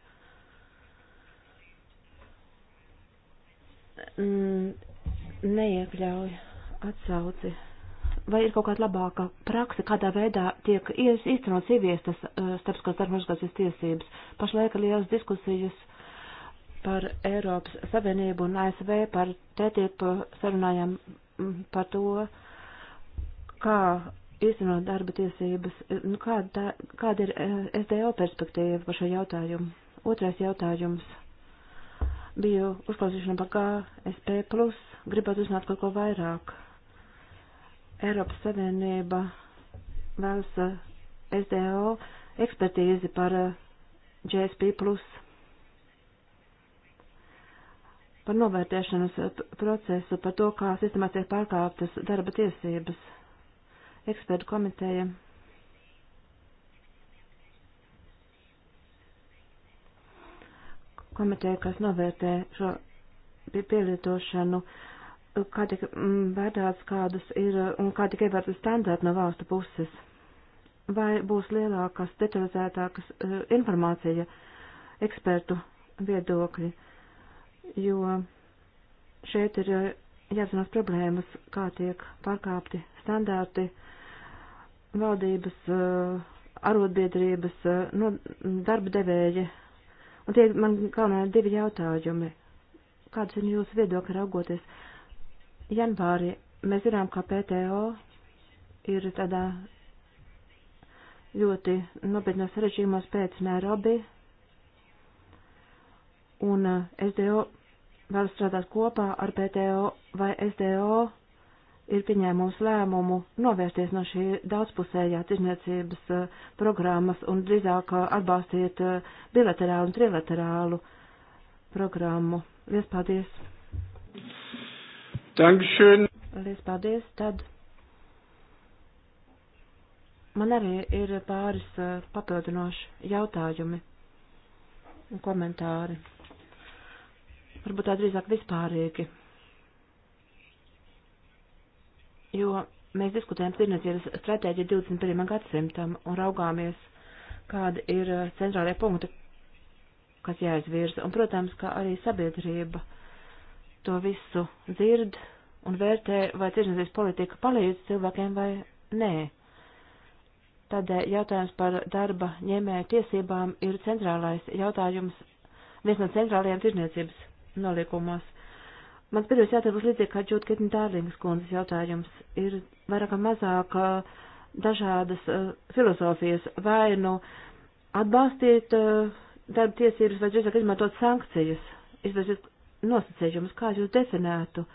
mm, neiekļauj atsauci. Vai ir kaut kāda labāka praksa, kādā veidā tiek īstenots ieviestas eh, starpskās darbmažgāsies tiesības? Pašlaik ir liels diskusijas par Eiropas Savienību un ASV par tētību sarunājām mm, par to, kā īstenot darba tiesības, nu, kāda, kāda ir eh, SDO perspektīva par šo jautājumu. Otrais jautājums bija uzklausīšana par KSP, gribētu uzzināt kaut ko vairāk. Eiropas Savienība vēlas eh, SDO ekspertīzi par eh, GSP par novērtēšanas eh, procesu, par to, kā sistemā tiek pārkāptas darba tiesības. Ekspertu komiteja. Komiteja, kas novērtē šo pielietošanu, kā tika mm, vērtēts, kādas ir un kā tika ievērtas standārti no valstu puses. Vai būs lielākas, detalizētākas eh, informācija ekspertu viedokļi? jo šeit ir eh, jāzinās problēmas, kā tiek pārkāpti standārti valdības, eh, arotbiedrības, eh, no darba devēja. Un tie man galvenā divi jautājumi. Kāds ir jūsu viedokļi raugoties? Janvārī mēs zinām, ka PTO ir tādā ļoti nopietnos režīmos pēc Nairobi un eh, SDO vēl strādāt kopā ar PTO vai SDO ir pieņēmums lēmumu novērsties no šī daudzpusējā tirzniecības eh, programmas un drīzāk eh, atbalstīt bilaterālu un trilaterālu programmu. Lies paldies! Dankšön! Lies paldies! Tad man arī ir pāris papildinoši jautājumi un komentāri varbūt tā drīzāk vispārīgi. Jo mēs diskutējam tirnēcības stratēģiju 21. gadsimtam un raugāmies, kāda ir centrālajā punkta, kas jāizvirza. Un, protams, kā arī sabiedrība to visu dzird un vērtē, vai tirnēcības politika palīdz cilvēkiem vai nē. Tādēļ jautājums par darba ņēmēju tiesībām ir centrālais jautājums, viens no centrālajiem tirniecības nolikumos. Mans pirmais jautājums būs līdzīgi kā Džūtketina Dārlīngas kundzes jautājums. Ir vairāk vai mazāk dažādas uh, filozofijas vai nu atbalstīt uh, darba tiesības vai drīzāk izmantot sankcijas, izvirzīt nosacījumus, kā jūs definētu,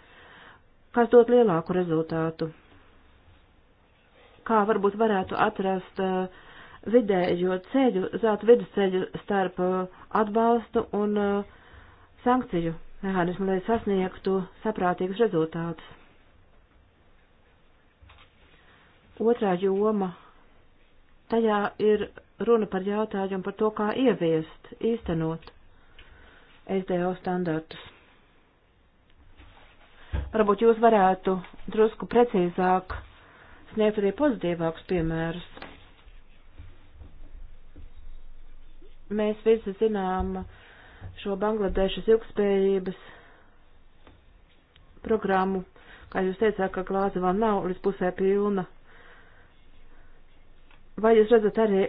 kas dot lielāku rezultātu, kā varbūt varētu atrast uh, vidējo ceļu, zelta vidusceļu starp uh, atbalstu un uh, sankciju mehānismu, lai sasniegtu saprātīgus rezultātus. Otrā joma. Tajā ir runa par jautājumu par to, kā ieviest, īstenot SDO standartus. Varbūt jūs varētu drusku precīzāk sniegt arī pozitīvākus piemērus. Mēs visi zinām, uh, šo Bangladešas ilgspējības programmu. Kā jūs teicāt, ka glāze vēl nav līdz pusē pilna. Vai jūs redzat arī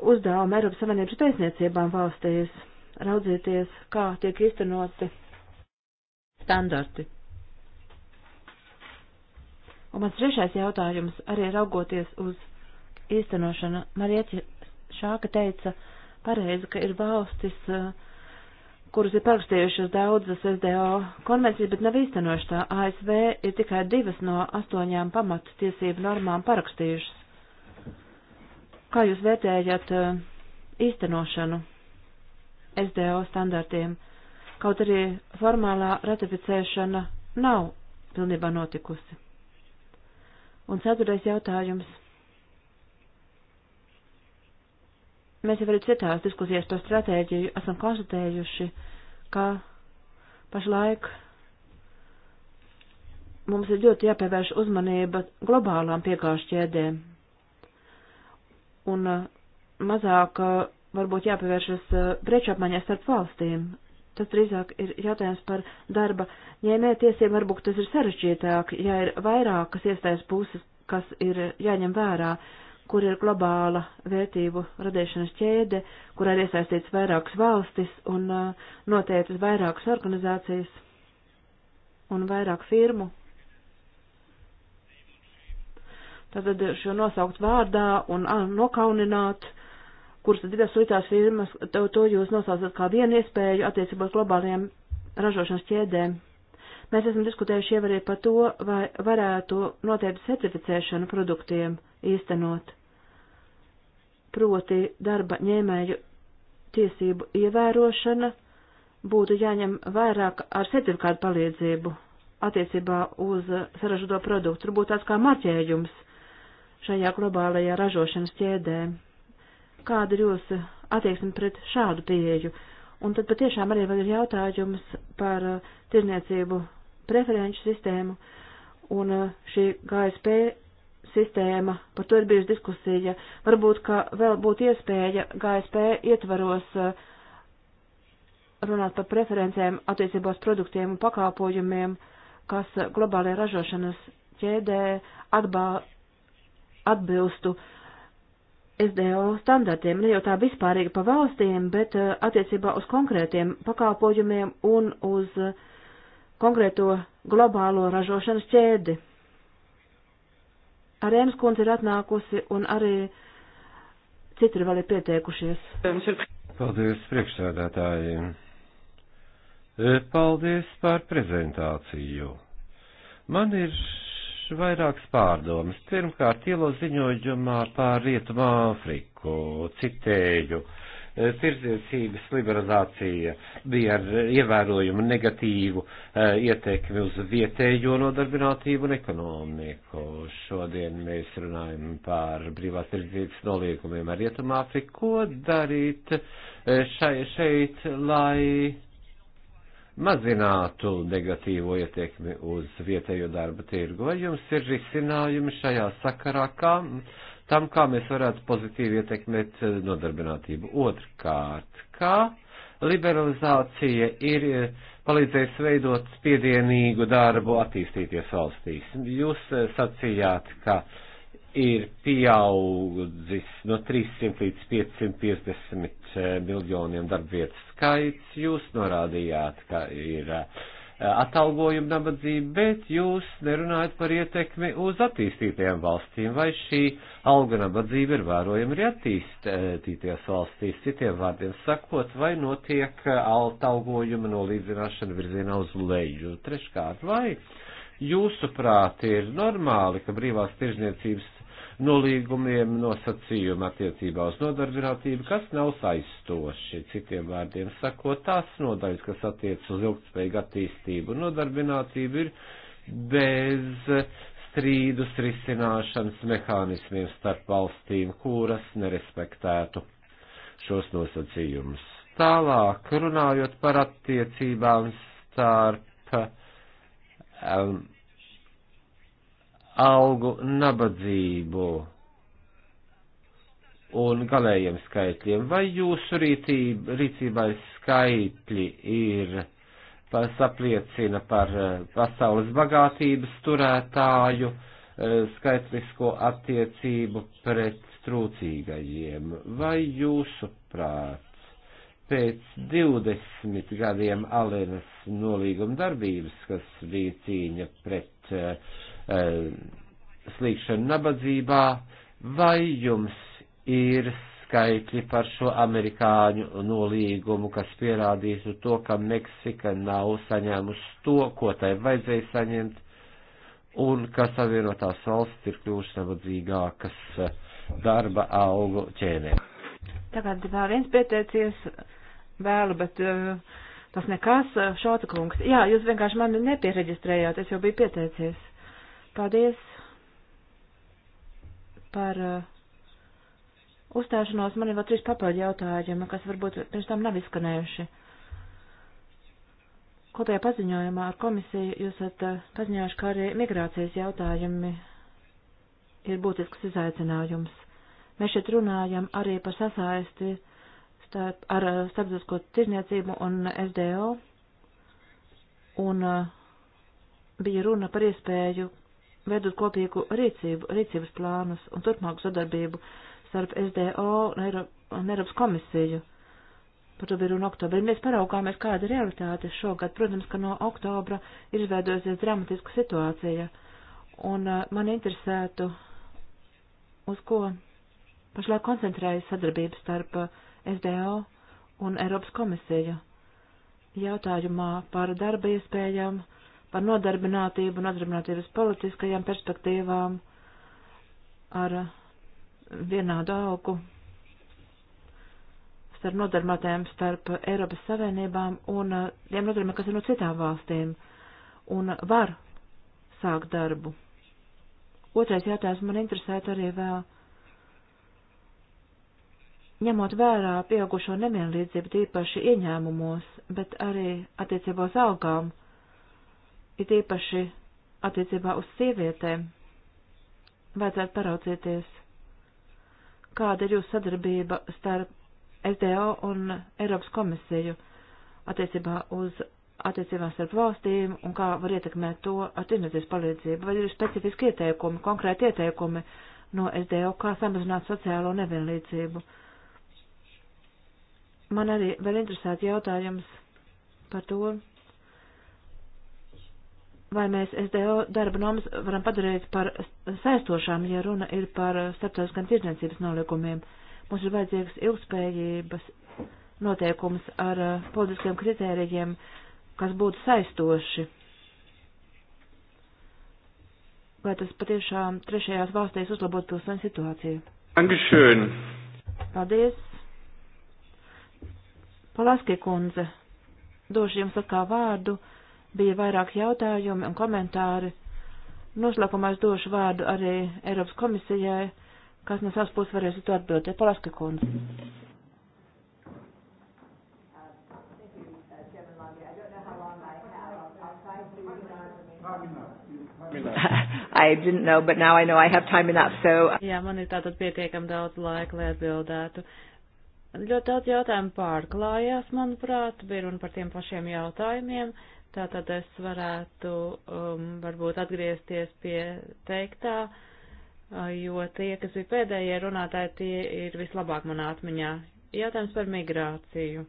uzdevumu Eiropas Savienības tiesniecībām valstīs raudzieties, kā tiek īstenoti standarti? Un mans trešais jautājums, arī raugoties uz īstenošanu, Marieķa Šāka teica pareizi, ka ir valstis, uh, kuras ir parakstījušas daudzas SDO konvencijas, bet nav īstenojuši tā. ASV ir tikai divas no astoņām pamatu tiesību normām parakstījušas. Kā jūs vērtējat eh, īstenošanu SDO standartiem, kaut arī formālā ratificēšana nav pilnībā notikusi? Un ceturtais jautājums. Mēs jau arī citās diskusijās to stratēģiju esam konstatējuši, ka pašlaik mums ir ļoti jāpievērš uzmanība globālām piegāžu ķēdēm. Un uh, mazāk uh, varbūt jāpievēršas uh, priekšapmaiņai starp valstīm. Tas drīzāk ir jautājums par darba ņēmēja tiesiem, varbūt tas ir sarežģītāk, ja ir vairākas iestājas puses, kas ir jāņem vērā. Uh, kur ir globāla vērtību radīšanas ķēde, kurā ir iesaistīts vairākas valstis un uh, noteiktas vairākas organizācijas un vairāk firmu. Tātad šo nosaukt vārdā un a, nokaunināt, kuras tad divas līdzās firmas, to, to jūs nosaucat kā vienu iespēju attiecībā uz globālajiem ražošanas ķēdēm. Mēs esam diskutējuši jau arī par to, vai varētu noteikti certificēšanu produktiem īstenot, proti darba ņēmēju tiesību ievērošana būtu jāņem vairāk ar certifikātu palīdzību attiecībā uz saražoto produktu. Tur būtu tāds kā marķējums šajā globālajā ražošanas ķēdē. Kāda ir jūsu attieksme pret šādu pieeju? Un tad patiešām arī vēl ir jautājums par uh, tirniecību preferenču sistēmu un uh, šī GSP sistēma, par to ir bijusi diskusija. Varbūt, ka vēl būtu iespēja GSP ietvaros uh, runāt par preferencēm attiecībās produktiem un pakāpojumiem, kas globālajā ražošanas ķēdē atbā, atbilstu uh, SDO standartiem, ne jau tā vispārīgi pa valstīm, bet eh, attiecībā uz konkrētiem pakalpojumiem un uz eh, konkrēto globālo ražošanas ķēdi. Arēnas kundze ir atnākusi un arī citi vēl ir pieteikušies. Paldies priekšsēdētājiem. Eh, paldies par prezentāciju. Man ir vairākas pārdomas. Pirmkārt, ielo ziņojumā pār Rietumā Āfriku, citēju, eh, tirdzniecības liberalizācija bija ar ievērojumu negatīvu eh, ietekmi uz vietējo nodarbinātību un ekonomiku. Šodien mēs runājam pār brīvās tirdzniecības noliekumiem ar Rietumā Āfriku. Ko darīt eh, šai, šeit, lai mazinātu negatīvo ietekmi uz vietējo darba tirgu. Vai jums ir risinājumi šajā sakarā, kā, tam, kā mēs varētu pozitīvi ietekmēt eh, nodarbinātību? Otrkārt, kā liberalizācija ir eh, palīdzējusi veidot spiedienīgu darbu attīstīties valstīs? Jūs eh, sacījāt, ka uh, ir pieaudzis no 300 līdz 550 eh, miljoniem darbvietu skaits. Jūs norādījāt, ka ir eh, atalgojuma nabadzība, bet jūs nerunājat par ietekmi uz attīstītajām valstīm, vai šī alga nabadzība ir vērojama arī attīstītajās valstīs, citiem vārdiem sakot, vai notiek eh, atalgojuma nolīdzināšana virzienā uz leju. Treškārt, vai jūsuprāt ir normāli, ka brīvās tirzniecības nolīgumiem nosacījumi attiecībā uz nodarbinātību, kas nav saistoši. Citiem vārdiem sakot, tās nodaļas, kas attiec uz ilgtspējīgu attīstību un nodarbinātību, ir bez strīdus risināšanas mehānismiem starp valstīm, kuras nerespektētu šos nosacījumus. Tālāk runājot par attiecībām starp um, algu nabadzību un galējiem skaitļiem. Vai jūsu rīcība, rīcībai skaitļi ir sapliecina par eh, pasaules bagātības turētāju eh, skaitlisko attiecību pret trūcīgajiem? Vai jūsu prāt? pēc 20 gadiem Alenas nolīguma darbības, kas bija cīņa pret uh, eh, uh, eh, slīkšanu nabadzībā, vai jums ir skaitļi par šo amerikāņu nolīgumu, kas pierādītu to, ka Meksika nav saņēmusi to, ko tai vajadzēja saņemt, un ka savienotās valsts ir kļūšas nabadzīgākas eh, darba augu ķēnē. Tagad vēl viens pieteicies vēlu, bet uh, tas nekas, šauta kungs. Jā, jūs vienkārši mani nepiereģistrējāt, es jau biju pieteicies. Paldies par uh, uzstāšanos. Man ir vēl trīs papildu jautājumi, kas varbūt pirms tam nav izskanējuši. Kopējā paziņojumā ar komisiju jūs esat uh, paziņojuši, ka arī migrācijas jautājumi ir būtisks izaicinājums. Mēs šeit runājam arī par sasaisti starp, ar eh, starptautisko tirzniecību un SDO, un eh, bija runa par iespēju veidot kopīgu rīcību, rīcības plānus un turpmāku sadarbību starp SDO un, Eiro, un Eiropas komisiju. Par to bija runa oktobrī. Mēs paraugāmies, kāda ir realitāte šogad. Protams, ka no oktobra ir izveidojusies dramatiska situācija, un eh, man interesētu, uz ko pašlaik koncentrējas sadarbības starp uh, SDO un Eiropas komisiju jautājumā par darba iespējām, par nodarbinātību, nodarbinātības politiskajām perspektīvām ar vienādu augu starp nodarbinātēm starp Eiropas Savienībām un eh, tiem nodarbinātēm, kas ir no citām valstīm un var sākt darbu. Otrais jautājums man interesētu arī vēl ņemot vērā pieaugušo nemienlīdzību tīpaši ieņēmumos, bet arī attiecībā uz algām, ir tīpaši attiecībā uz sievietēm, vajadzētu paraucieties, kāda ir jūsu sadarbība starp SDO un Eiropas komisiju attiecībā uz attiecībām starp valstīm un kā var ietekmēt to ar tirnedzības palīdzību, vai ir specifiski ieteikumi, konkrēti ieteikumi no SDO, kā samazināt sociālo nevienlīdzību. Man arī vēl interesētu jautājums par to, vai mēs SDO darba normas varam padarīt par saistošām, ja runa ir par starptautiskām tirdzniecības nolikumiem. Mums ir vajadzīgs ilgspējības noteikums ar uh, politiskiem kritērijiem, kas būtu saistoši. Vai tas patiešām trešajās valstīs uzlabotu pilsēņu situāciju? Dankeschön. Paldies. Palaski kundze, došu jums atkal vārdu, bija vairāk jautājumi un komentāri. Noslēpumā es došu vārdu arī Eiropas komisijai, kas no savas puses varēs to atbildēt. Palaski kundze. I didn't know, but now I know I have time enough, so. Jā, man ir tātad pietiekam daudz laika, lai atbildētu. Uh, Ļoti daudz jautājumu pārklājās, manuprāt, bija runa par tiem pašiem jautājumiem, tātad es varētu um, varbūt atgriezties pie teiktā, uh, jo tie, kas bija pēdējie runātāji, tie ir vislabāk manā atmiņā. Jautājums par migrāciju.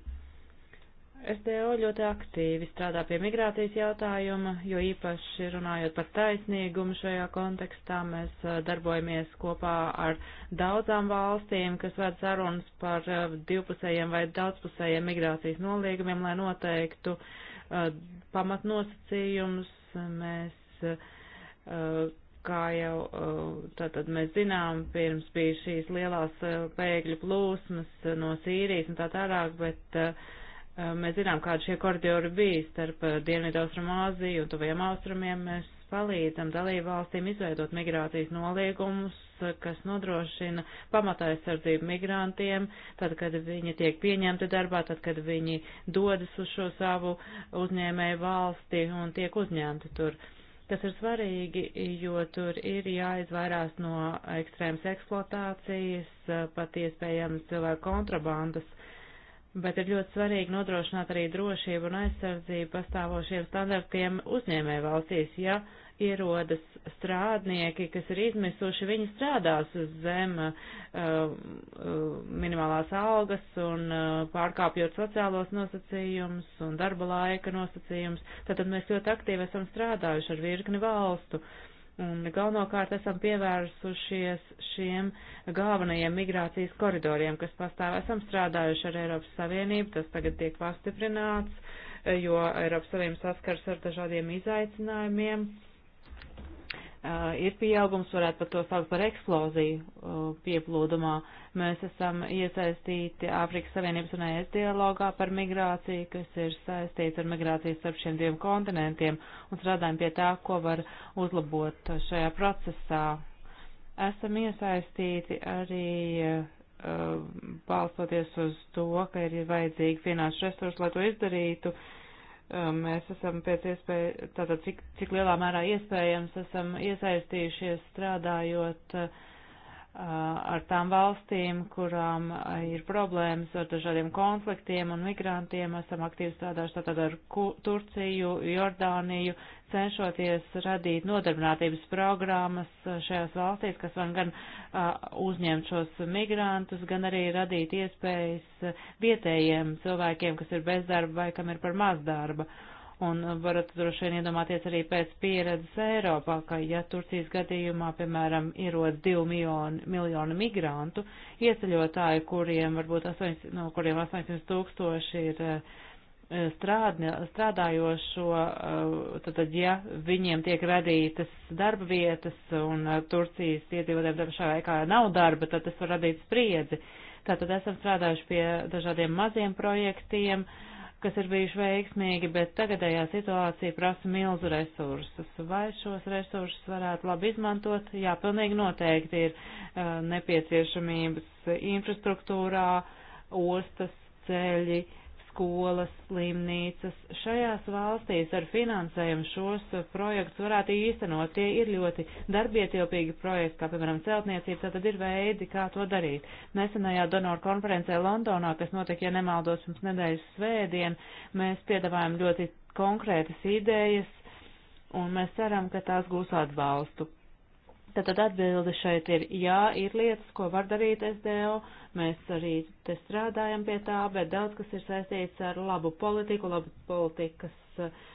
SDO ļoti aktīvi strādā pie migrācijas jautājuma, jo īpaši runājot par taisnīgumu šajā kontekstā, mēs uh, darbojamies kopā ar daudzām valstīm, kas ved sarunas par uh, divpusējiem vai daudzpusējiem migrācijas noliegumiem, lai noteiktu uh, pamatnosacījumus. Mēs, uh, kā jau uh, tātad mēs zinām, pirms bija šīs lielās pēkļu uh, plūsmas no Sīrijas un tā tālāk, bet Eh, mēs zinām, kāda šie koridori bija starp eh, Dienvidaustrumu Āziju un Tuviem Austrumiem. Mēs palīdzam dalību valstīm izveidot migrācijas noliegumus, eh, kas nodrošina pamataizsardzību migrantiem, tad, kad viņi tiek pieņemti darbā, tad, kad viņi dodas uz šo savu uzņēmēju valsti un tiek uzņemti tur. Tas ir svarīgi, jo tur ir jāizvairās no ekstrēmas eksploatācijas, pat iespējams cilvēku kontrabandas bet ir ļoti svarīgi nodrošināt arī drošību un aizsardzību pastāvošiem standartiem uzņēmē valstīs, ja ierodas strādnieki, kas ir izmisuši, viņi strādās uz zem uh, uh minimālās algas un uh, pārkāpjot sociālos nosacījumus un darba laika nosacījumus. Tātad mēs ļoti aktīvi esam strādājuši ar virkni valstu. Uh, Un galvenokārt esam pievērsušies šiem galvenajiem migrācijas koridoriem, kas pastāv. Esam strādājuši ar Eiropas Savienību, tas tagad tiek pastiprināts, jo Eiropas Savienība saskars ar dažādiem izaicinājumiem. Uh, Eh, ir pieaugums, varētu pat to saukt par eksploziju eh, pieplūdumā. Mēs esam iesaistīti Āfrikas Savienības un ES dialogā par migrāciju, kas ir saistīts ar migrācijas starp šiem diviem kontinentiem un strādājam pie tā, ko var uzlabot šajā procesā. Esam iesaistīti arī eh, balstoties uz to, ka ir vajadzīgi finanšu resursi, lai to izdarītu. Uh, Um, mēs esam pēc iespēja, tātad cik, cik lielā mērā iespējams esam iesaistījušies strādājot uh, ar tām valstīm, kurām ir problēmas ar dažādiem konfliktiem un migrantiem. Esam aktīvi strādājuši tātad ar Turciju, Jordāniju, cenšoties radīt nodarbinātības programmas šajās valstīs, kas var gan uzņemt šos migrantus, gan arī radīt iespējas vietējiem cilvēkiem, kas ir bezdarba vai kam ir par maz darba. Uh, Un varat droši vien iedomāties arī pēc pieredzes Eiropā, ka ja Turcijas gadījumā, piemēram, ierodas divu miljonu, miljonu migrantu ieceļotāju, kuriem varbūt 800, no kuriem 800 tūkstoši ir eh, strādne, strādājošo, eh, tad, ja viņiem tiek radītas darba vietas un eh, Turcijas iedzīvotājiem šajā laikā nav darba, tad tas var radīt spriedzi. Tātad esam strādājuši pie dažādiem maziem projektiem. Uh, kas ir bijuši veiksmīgi, bet tagadējā situācija prasa milzu resursus. Vai šos resursus varētu labi izmantot? Jā, pilnīgi noteikti ir uh, nepieciešamības infrastruktūrā, ostas, ceļi, uh, skolas, slimnīcas. Šajās valstīs ar finansējumu šos projektus varētu īstenot. Tie ir ļoti darbietilpīgi projekti, kā piemēram celtniecība, tad ir veidi, kā to darīt. Nesenajā donoru konferencē Londonā, kas notika, ja nemaldos, pirms nedēļas svētdien, mēs piedāvājam ļoti konkrētas idejas, un mēs ceram, ka tās gūs atbalstu. Tad, tad atbilde šeit ir jā, ir lietas, ko var darīt SDO, mēs arī te strādājam pie tā, bet daudz kas ir saistīts ar labu politiku, labu politikas uh,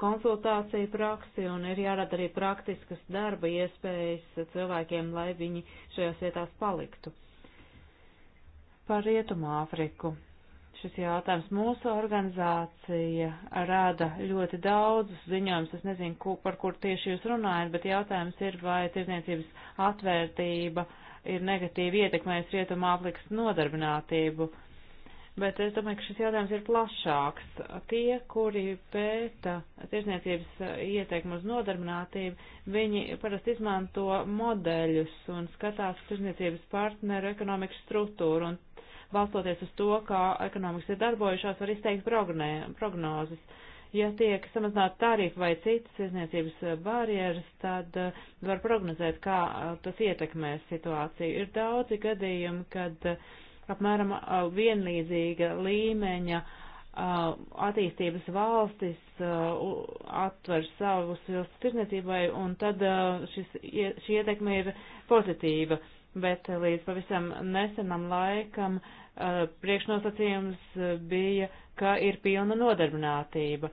konsultāciju praksi un ir jārada arī praktiskas darba iespējas cilvēkiem, lai viņi šajās vietās paliktu. Par Rietumu Āfriku šis jautājums. Mūsu organizācija rada ļoti daudzus ziņojumus. Es nezinu, ku, par kur tieši jūs runājat, bet jautājums ir, vai tirzniecības atvērtība ir negatīvi ietekmējusi rietuma aplikas nodarbinātību. Bet es domāju, ka šis jautājums ir plašāks. Tie, kuri pēta tirzniecības ietekmu uz nodarbinātību, viņi parasti izmanto modeļus un skatās tirzniecības partneru ekonomikas struktūru un balstoties uz to, kā ekonomikas ir darbojušās, var izteikt prognē, prognozes. Ja tiek samazināt tarifu vai citas izniecības barjeras, tad uh, var prognozēt, kā uh, tas ietekmēs situāciju. Ir daudzi gadījumi, kad uh, apmēram vienlīdzīga līmeņa attīstības valstis atver savus tirdzniecībai, un tad šis, šī ietekme ir pozitīva bet eh, līdz pavisam nesenam laikam eh, priekšnosacījums eh, bija, ka ir pilna nodarbinātība.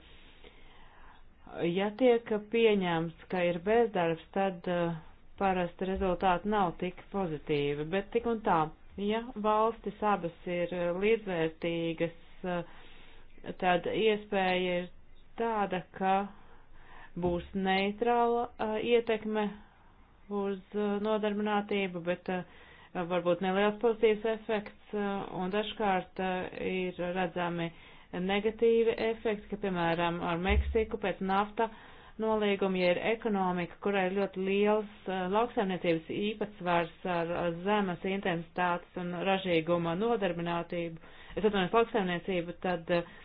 Ja tiek pieņemts, ka ir bezdarbs, tad parasti rezultāti nav tik pozitīvi, bet tik un tā, ja valstis abas ir līdzvērtīgas, tad iespēja ir tāda, ka būs neitrāla ietekme uz eh, nodarbinātību, bet eh, varbūt neliels pozitīvs efekts, eh, un dažkārt ir redzami negatīvi efekti, ka, piemēram, ar Meksiku pēc nafta nolīguma, ja ir ekonomika, kurai ir ļoti liels lauksaimniecības īpatsvars ar zemes intensitātes un ražīguma nodarbinātību, es atvainojos lauksaimniecību, tad uh,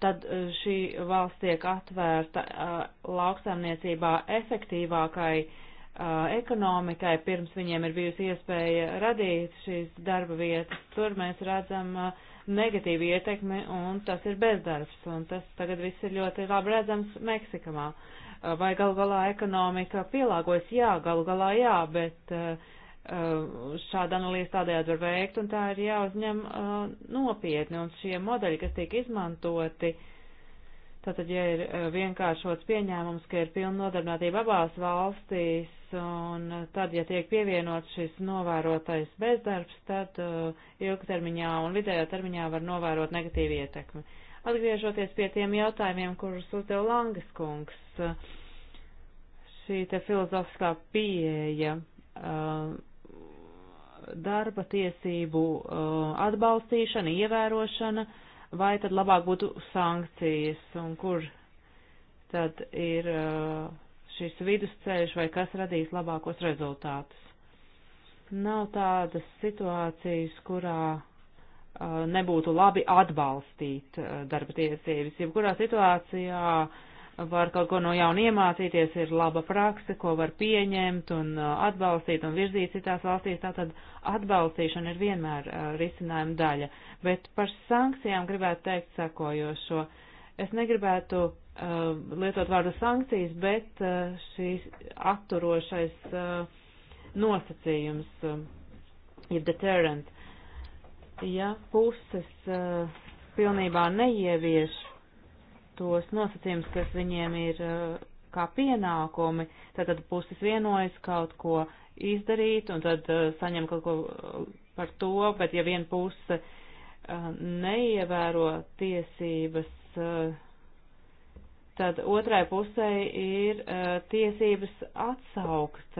tad šī valsts tiek atvērta lauksaimniecībā efektīvākai ekonomikai, pirms viņiem ir bijusi iespēja radīt šīs darba vietas. Tur mēs redzam negatīvu ietekmi un tas ir bezdarbs, un tas tagad viss ir ļoti labi redzams Meksikamā. Vai galu galā ekonomika pielāgojas? Jā, galu galā jā, bet uh, Uh, šāda analīze tādējādi var veikt, un tā ir jāuzņem uh, nopietni, un šie modeļi, kas tiek izmantoti, tātad, ja ir uh, vienkāršots pieņēmums, ka ir pilna nodarbinātība abās valstīs, un tad, ja tiek pievienots šis novērotais bezdarbs, tad ilgtermiņā un vidējā termiņā var novērot negatīvu ietekmi. Atgriežoties pie tiem jautājumiem, kurus uzdev Langas kungs, šī te filozofiskā pieeja, darba tiesību uh, atbalstīšana, ievērošana, vai tad labāk būtu sankcijas, un kur tad ir uh, šis vidusceļš, vai kas radīs labākos rezultātus. Nav tādas situācijas, kurā uh, nebūtu labi atbalstīt darba tiesības. Jebkurā situācijā uh, var kaut ko no jauna iemācīties, ir laba prakse, ko var pieņemt un uh, atbalstīt un virzīt citās valstīs. Tātad atbalstīšana ir vienmēr uh, risinājuma daļa. Bet par sankcijām gribētu teikt sekojošo. Es negribētu uh, lietot vārdu sankcijas, bet uh, šīs atturošais uh, nosacījums, jeb uh, deterrent. Ja puses pilnībā neievieš tos nosacījumus, kas viņiem ir uh, kā pienākumi. Tātad puses vienojas kaut ko izdarīt un tad uh, saņem kaut ko uh, par to, bet ja viena puse neievēro tiesības, tad otrai pusē ir tiesības atsaukt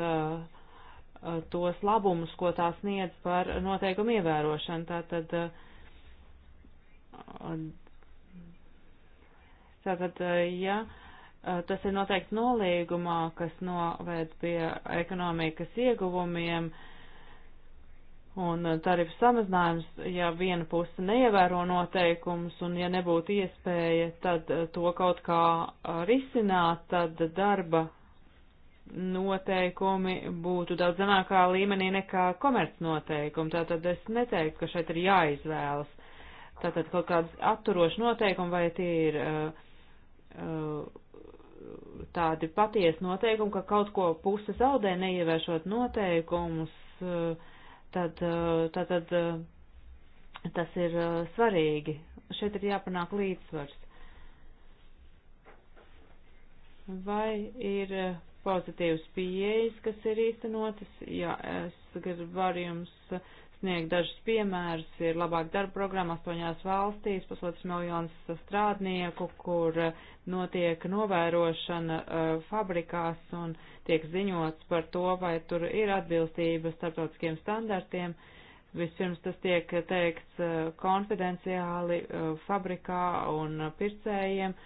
tos labumus, ko tā sniedz par noteikumu ievērošanu. Tātad Tātad, eh, ja eh, tas ir noteikti nolīgumā, kas novēd pie ekonomikas ieguvumiem un eh, tarifu samazinājums, ja viena puse neievēro noteikumus un ja nebūtu iespēja tad to kaut kā risināt, tad darba noteikumi būtu daudz zemākā līmenī nekā komerc noteikumi. Tātad es neteiktu, ka šeit ir jāizvēlas. Tātad kaut kādas atturoši noteikumi vai tie ir uh, Uh, tādi patiesi noteikumi, ka kaut ko puse zaudē neievēršot noteikumus, uh, uh, tad, tad, tad tas ir svarīgi. Šeit ir jāpanāk līdzsvars. Vai ir pozitīvas pieejas, kas ir īstenotas? Jā, es varu jums sniegt dažus piemērus. Ir labāk darba programma astoņās valstīs, pusotrs miljonus strādnieku, kur eh, notiek novērošana eh, fabrikās un tiek ziņots par to, vai tur ir atbilstība starptautiskiem standartiem. Vispirms tas tiek teikts eh, konfidenciāli fabrikā un pircējiem,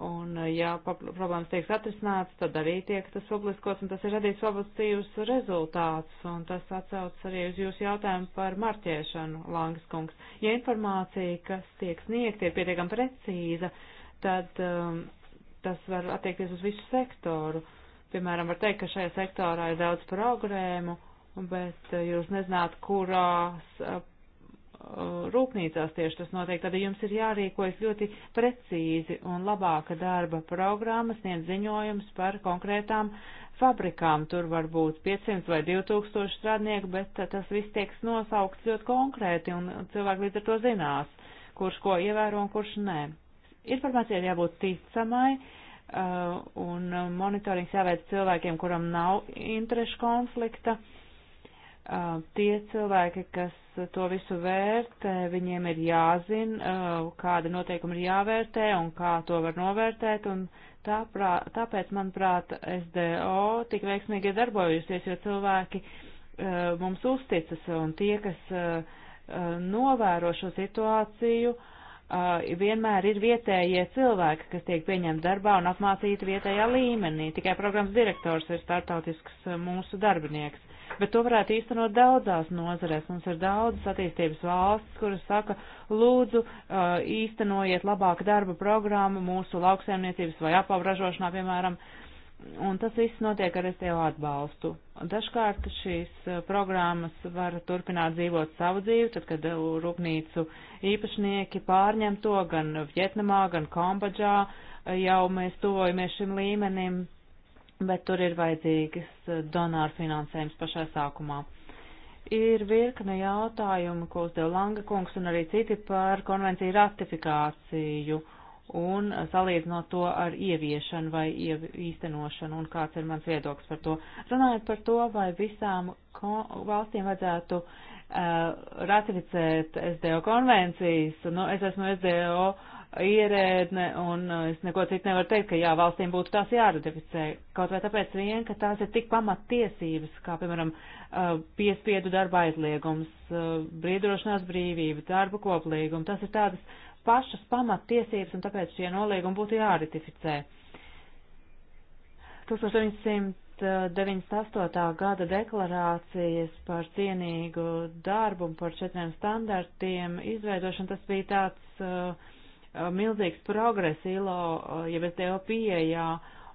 Un, eh, ja problēmas tiek atrisināts, tad arī tiek tas publiskots, un tas ir radījis pozitīvs rezultāts, un tas atsaucas arī uz jūsu jautājumu par marķēšanu, Langas kungs. Ja informācija, kas tiek sniegta, ir pietiekami precīza, tad um, tas var attiekties uz visu sektoru. Piemēram, var teikt, ka šajā sektorā ir daudz programmu, bet eh, jūs nezināt, kurās eh, Uh, rūpnīcās tieši tas notiek, tad jums ir jārīkojas ļoti precīzi un labāka darba programma sniedz ziņojums par konkrētām fabrikām. Tur var būt 500 vai 2000 strādnieku, bet tas viss tiek nosaukts ļoti konkrēti un cilvēki līdz ar to zinās, kurš ko ievēro un kurš nē. Informācija ir jābūt ticamai. Uh, un monitorings jāveic cilvēkiem, kuram nav interešu konflikta, uh, tie cilvēki, kas to visu vērtē, viņiem ir jāzina, kāda noteikuma ir jāvērtē un kā to var novērtēt. Tāprā, tāpēc, manuprāt, SDO tik veiksmīgi ir darbojusies, jo cilvēki mums uzticas un tie, kas novēro šo situāciju, vienmēr ir vietējie cilvēki, kas tiek pieņemti darbā un apmācīti vietējā līmenī. Tikai programmas direktors ir startautisks mūsu darbinieks bet to varētu īstenot daudzās nozarēs. Mums ir daudzas attīstības valsts, kuras saka, lūdzu, īstenojiet labāku darba programmu mūsu lauksaimniecības vai apabražošanā, piemēram, un tas viss notiek ar STO atbalstu. Dažkārt šīs programmas var turpināt dzīvot savu dzīvi, tad, kad rūpnīcu īpašnieki pārņem to gan Vietnamā, gan Kambodžā, jau mēs tojamies šim līmenim, bet tur ir vajadzīgas eh, donāru finansējums pašā sākumā. Ir virkne jautājumu, ko uzdev Langa kungs un arī citi par konvenciju ratifikāciju un salīdzinot to ar ieviešanu vai iev īstenošanu un kāds ir mans viedoklis par to. Runājot par to, vai visām valstīm vajadzētu uh, ratificēt SDO konvencijas, nu, es esmu SDO uh, ierēdne, un uh, es neko citu nevaru teikt, ka jā, valstīm būtu tās jāratificē. Kaut vai tāpēc vien, ka tās ir tik pamattiesības, kā, piemēram, uh, piespiedu darba aizliegums, uh, brīdrošinās brīvība, darba koplīguma. Tas ir tādas pašas pamattiesības, un tāpēc šie nolīgumi būtu jāratificē. 1900. 98. gada deklarācijas par cienīgu darbu un par četriem standartiem izveidošanu, tas bija tāds uh, Eh, milzīgs progress ILO, ja bez tev pieejā,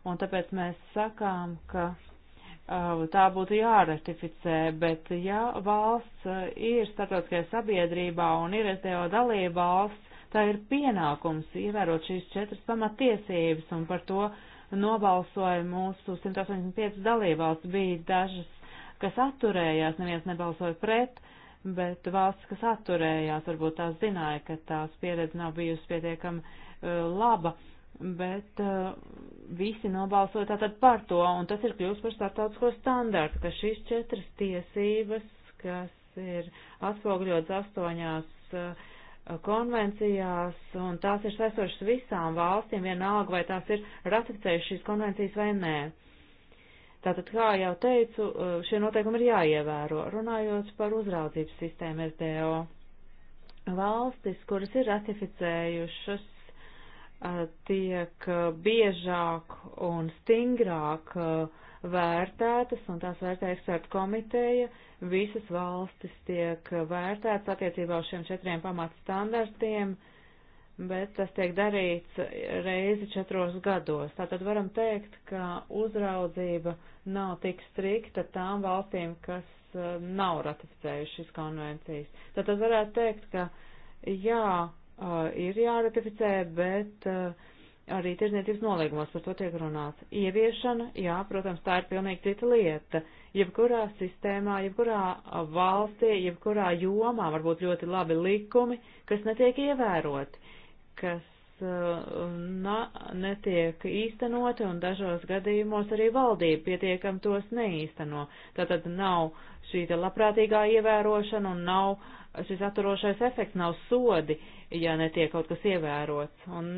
un tāpēc mēs sakām, ka eh, tā būtu jāratificē, bet ja valsts eh, ir starptautiskajā sabiedrībā un ir SDO dalība valsts, tā ir pienākums ievērot šīs četras pamatiesības, un par to nobalsoja mūsu 185 dalībvalsts, bija dažas, kas atturējās, neviens nebalsoja pret, bet valsts, kas atturējās, varbūt tās zināja, ka tās pieredze nav bijusi pietiekami uh, laba, bet uh, visi nobalsoja tātad par to, un tas ir kļūst par startautisko standārtu, ka šīs četras tiesības, kas ir atspoguļotas astoņās uh, konvencijās, un tās ir saistošas visām valstīm, vienalga vai tās ir ratificējušas šīs konvencijas vai nē. Uh, Tātad, kā jau teicu, eh, šie noteikumi ir jāievēro. Runājot par uzraudzības sistēmu SDO, valstis, kuras ir ratificējušas, eh, tiek eh, biežāk un stingrāk vērtētas, un tās vērtē ekspertu komiteja. Visas valstis tiek vērtētas attiecībā uz šiem četriem pamatstandartiem. standartiem bet tas tiek darīts reizi četros gados. Tātad varam teikt, ka uzraudzība nav tik strikta tām valstīm, kas eh, nav ratificējušas konvencijas. Tātad varētu teikt, ka jā, eh, ir jāratificē, bet eh, arī tirzniecības nolīgumos par to tiek runāts. Ieviešana, jā, protams, tā ir pilnīgi cita lieta. Jebkurā sistēmā, jebkurā valstī, jebkurā jomā var būt ļoti labi likumi, kas netiek ievēroti kas uh, na, netiek īstenoti un dažos gadījumos arī valdība pietiekam tos neīsteno. Tātad nav šī te labprātīgā ievērošana un nav šis atturošais efekts, nav sodi, ja netiek kaut kas ievērots. Un,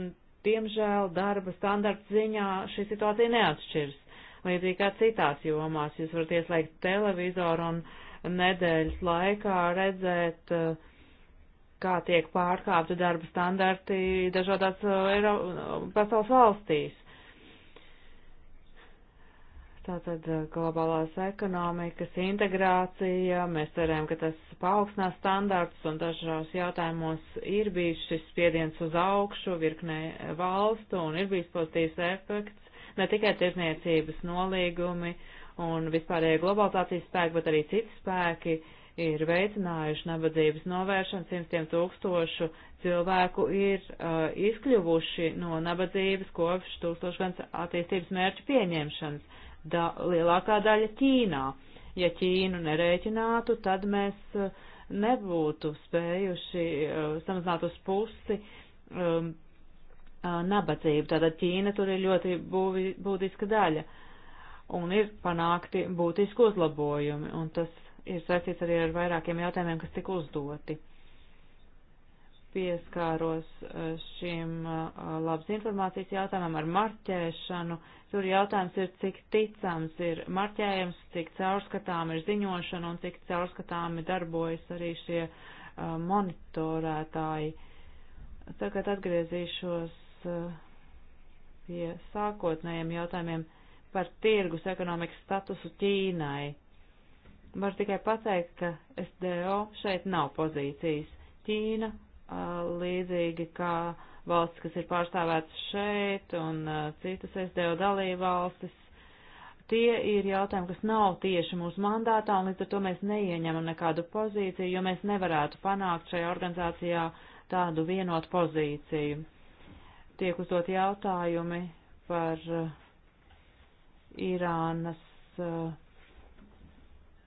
diemžēl, darba standarta ziņā šī situācija neatšķirs. Līdzīgi kā citās jomās, jūs varat ieslēgt televizoru un nedēļas laikā redzēt uh, kā tiek pārkāpti darba standarti dažādās uh, uh, pasaules valstīs. Tātad uh, globālās ekonomikas integrācija, mēs cerējam, ka tas paaugstinās standārts un dažos jautājumos ir bijis šis spiediens uz augšu virknē valstu un ir bijis pozitīvs efekts, ne tikai tirzniecības nolīgumi un vispārējie globalizācijas spēki, bet arī citi spēki uh, ir veicinājuši nabadzības novēršanu, simtiem tūkstošu cilvēku ir uh, izkļuvuši no nabadzības kopš tūkstošgans attīstības mērķu pieņemšanas, da, lielākā daļa Ķīnā. Ja Ķīnu nerēķinātu, tad mēs uh, nebūtu spējuši uh, samazināt uz pusi um, uh, nabadzību. Tātad Ķīna tur ir ļoti būvi, būtiska daļa. Uh, un ir panākti būtiski uzlabojumi, un tas ir saistīts arī ar vairākiem jautājumiem, kas tika uzdoti. Pieskāros e, šim e, labas informācijas jautājumam ar marķēšanu. Tur jautājums ir, cik ticams ir marķējums, cik caurskatām ir ziņošana un cik caurskatāmi darbojas arī šie e, monitorētāji. Tagad atgriezīšos pie sākotnējiem jautājumiem par tirgus ekonomikas statusu Ķīnai Var tikai pateikt, ka SDO šeit nav pozīcijas. Ķīna līdzīgi kā valsts, kas ir pārstāvētas šeit un citas SDO dalībvalstis, tie ir jautājumi, kas nav tieši mūsu mandātā un līdz ar to mēs neieņemam nekādu pozīciju, jo mēs nevarētu panākt šajā organizācijā tādu vienotu pozīciju. Tiek uzdot jautājumi par Irānas uh,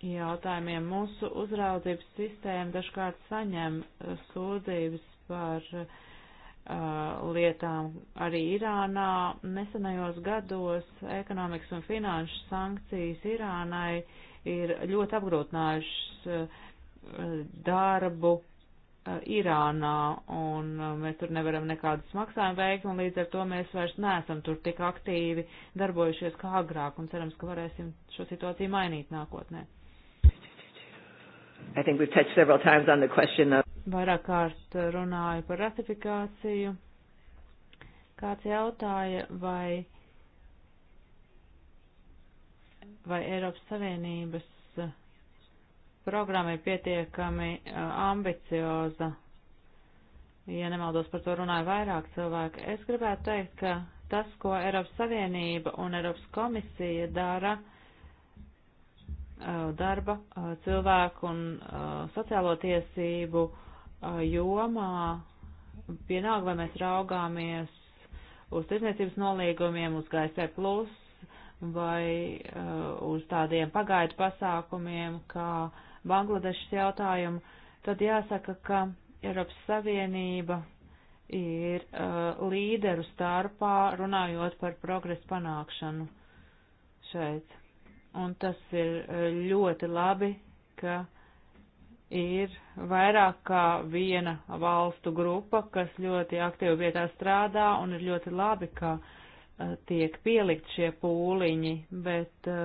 jautājumiem. Mūsu uzraudzības sistēma dažkārt saņem eh, sūdzības par uh, lietām arī Irānā. Nesenajos gados ekonomikas un finanšu sankcijas Irānai ir ļoti apgrūtinājušas uh, darbu uh, Irānā, un mēs tur nevaram nekādus maksājumus veikt, un līdz ar to mēs vairs neesam tur tik aktīvi darbojušies kā agrāk, un cerams, ka varēsim šo situāciju mainīt nākotnē. I think we've touched several times on the question of. Vairāk kārt runāju par ratifikāciju. Kāds jautāja, vai, vai Eiropas Savienības programma ir pietiekami ambicioza. Ja nemaldos par to runāja vairāk cilvēku, es gribētu teikt, ka tas, ko Eiropas Savienība un Eiropas komisija dara, uh, Uh, darba uh, cilvēku un uh, sociālo tiesību jomā vienalga, vai mēs raugāmies uz tirdzniecības nolīgumiem, uz GSP e plus vai uh, uz tādiem pagaidu pasākumiem, kā Bangladešas jautājumu, tad jāsaka, ka Eiropas Savienība ir uh, līderu starpā runājot par progresu panākšanu šeit un tas ir e, ļoti labi, ka ir vairāk kā viena valstu grupa, kas ļoti aktīvi vietā strādā, un ir ļoti labi, ka e, tiek pielikt šie pūliņi, bet e,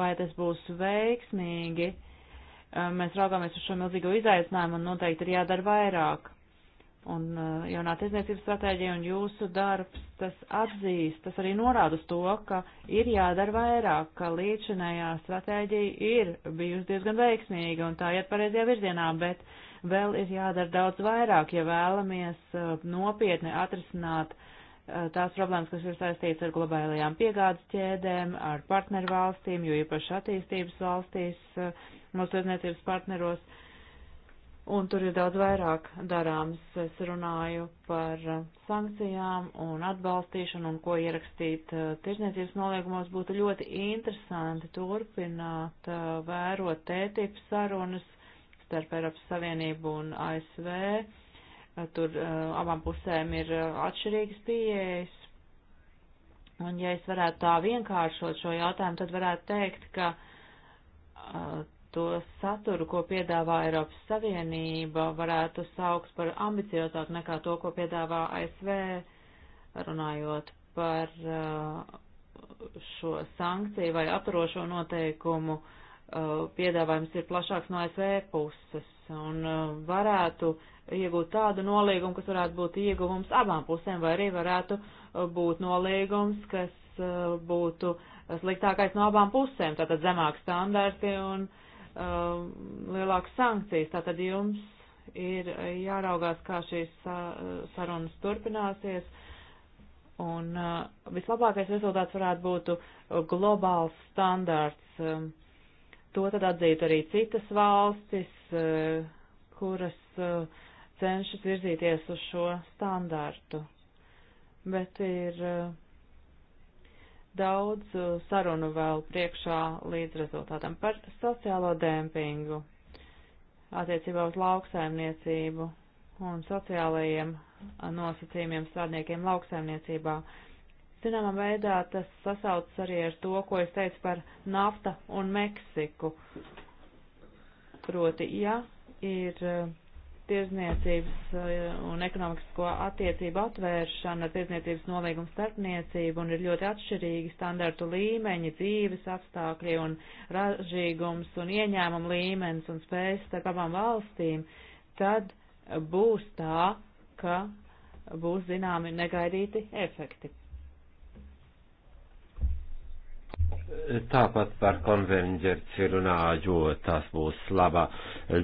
vai tas būs veiksmīgi, mēs raugāmies uz šo milzīgo izaicinājumu un noteikti ir jādara vairāk. Un uh, jaunā tiesniecības stratēģija un jūsu darbs, tas atzīst, tas arī norāda uz to, ka ir jādara vairāk, ka līdšanējā stratēģija ir bijusi diezgan veiksmīga un tā iet pareizajā virzienā, bet vēl ir jādara daudz vairāk, ja vēlamies uh, nopietni atrisināt uh, tās problēmas, kas ir saistītas ar globālajām piegādes ķēdēm, ar partneru valstīm, jo īpaši attīstības valstīs, mūsu tiesniecības partneros un tur ir daudz vairāk darāms. Es runāju par sankcijām un atbalstīšanu un ko ierakstīt eh, tirzniecības noliegumos. Būtu ļoti interesanti turpināt eh, vērot tētību sarunas starp Eiropas Savienību un ASV. Eh, tur abām pusēm ir atšķirīgas pieejas. Un ja es varētu tā vienkāršot šo jautājumu, tad varētu teikt, ka to saturu, ko piedāvā Eiropas Savienība, varētu saukt par ambiciozāku nekā to, ko piedāvā ASV, runājot par uh, šo sankciju vai apturošo noteikumu. Uh, piedāvājums ir plašāks no ASV puses un uh, varētu iegūt tādu nolīgumu, kas varētu būt ieguvums abām pusēm, vai arī varētu būt nolīgums, kas būtu sliktākais no abām pusēm, tātad zemāk standarti un uh, um, lielākas sankcijas. Tātad jums ir jāraugās, kā šīs uh, sarunas turpināsies. Un uh, vislabākais rezultāts varētu būt globāls standārts. Um, to tad atzītu arī citas valstis, uh, kuras uh, cenšas virzīties uz šo standārtu. Bet ir uh, daudz uh, sarunu vēl priekšā līdz rezultātam par sociālo dempingu attiecībā uz lauksaimniecību un sociālajiem uh, nosacījumiem strādniekiem lauksaimniecībā. Zināmā veidā tas sasaucas arī ar to, ko es teicu par nafta un Meksiku. Proti, ja ir uh, tirzniecības eh, un ekonomisko attiecību atvēršana, tirzniecības nolīguma starpniecība un ir ļoti atšķirīgi standartu līmeņi, dzīves apstākļi un ražīgums un ieņēmuma līmenis un spējas starp abām valstīm, tad būs tā, ka būs zināmi negaidīti efekti. Tāpat par konverģenci runājot, tas būs laba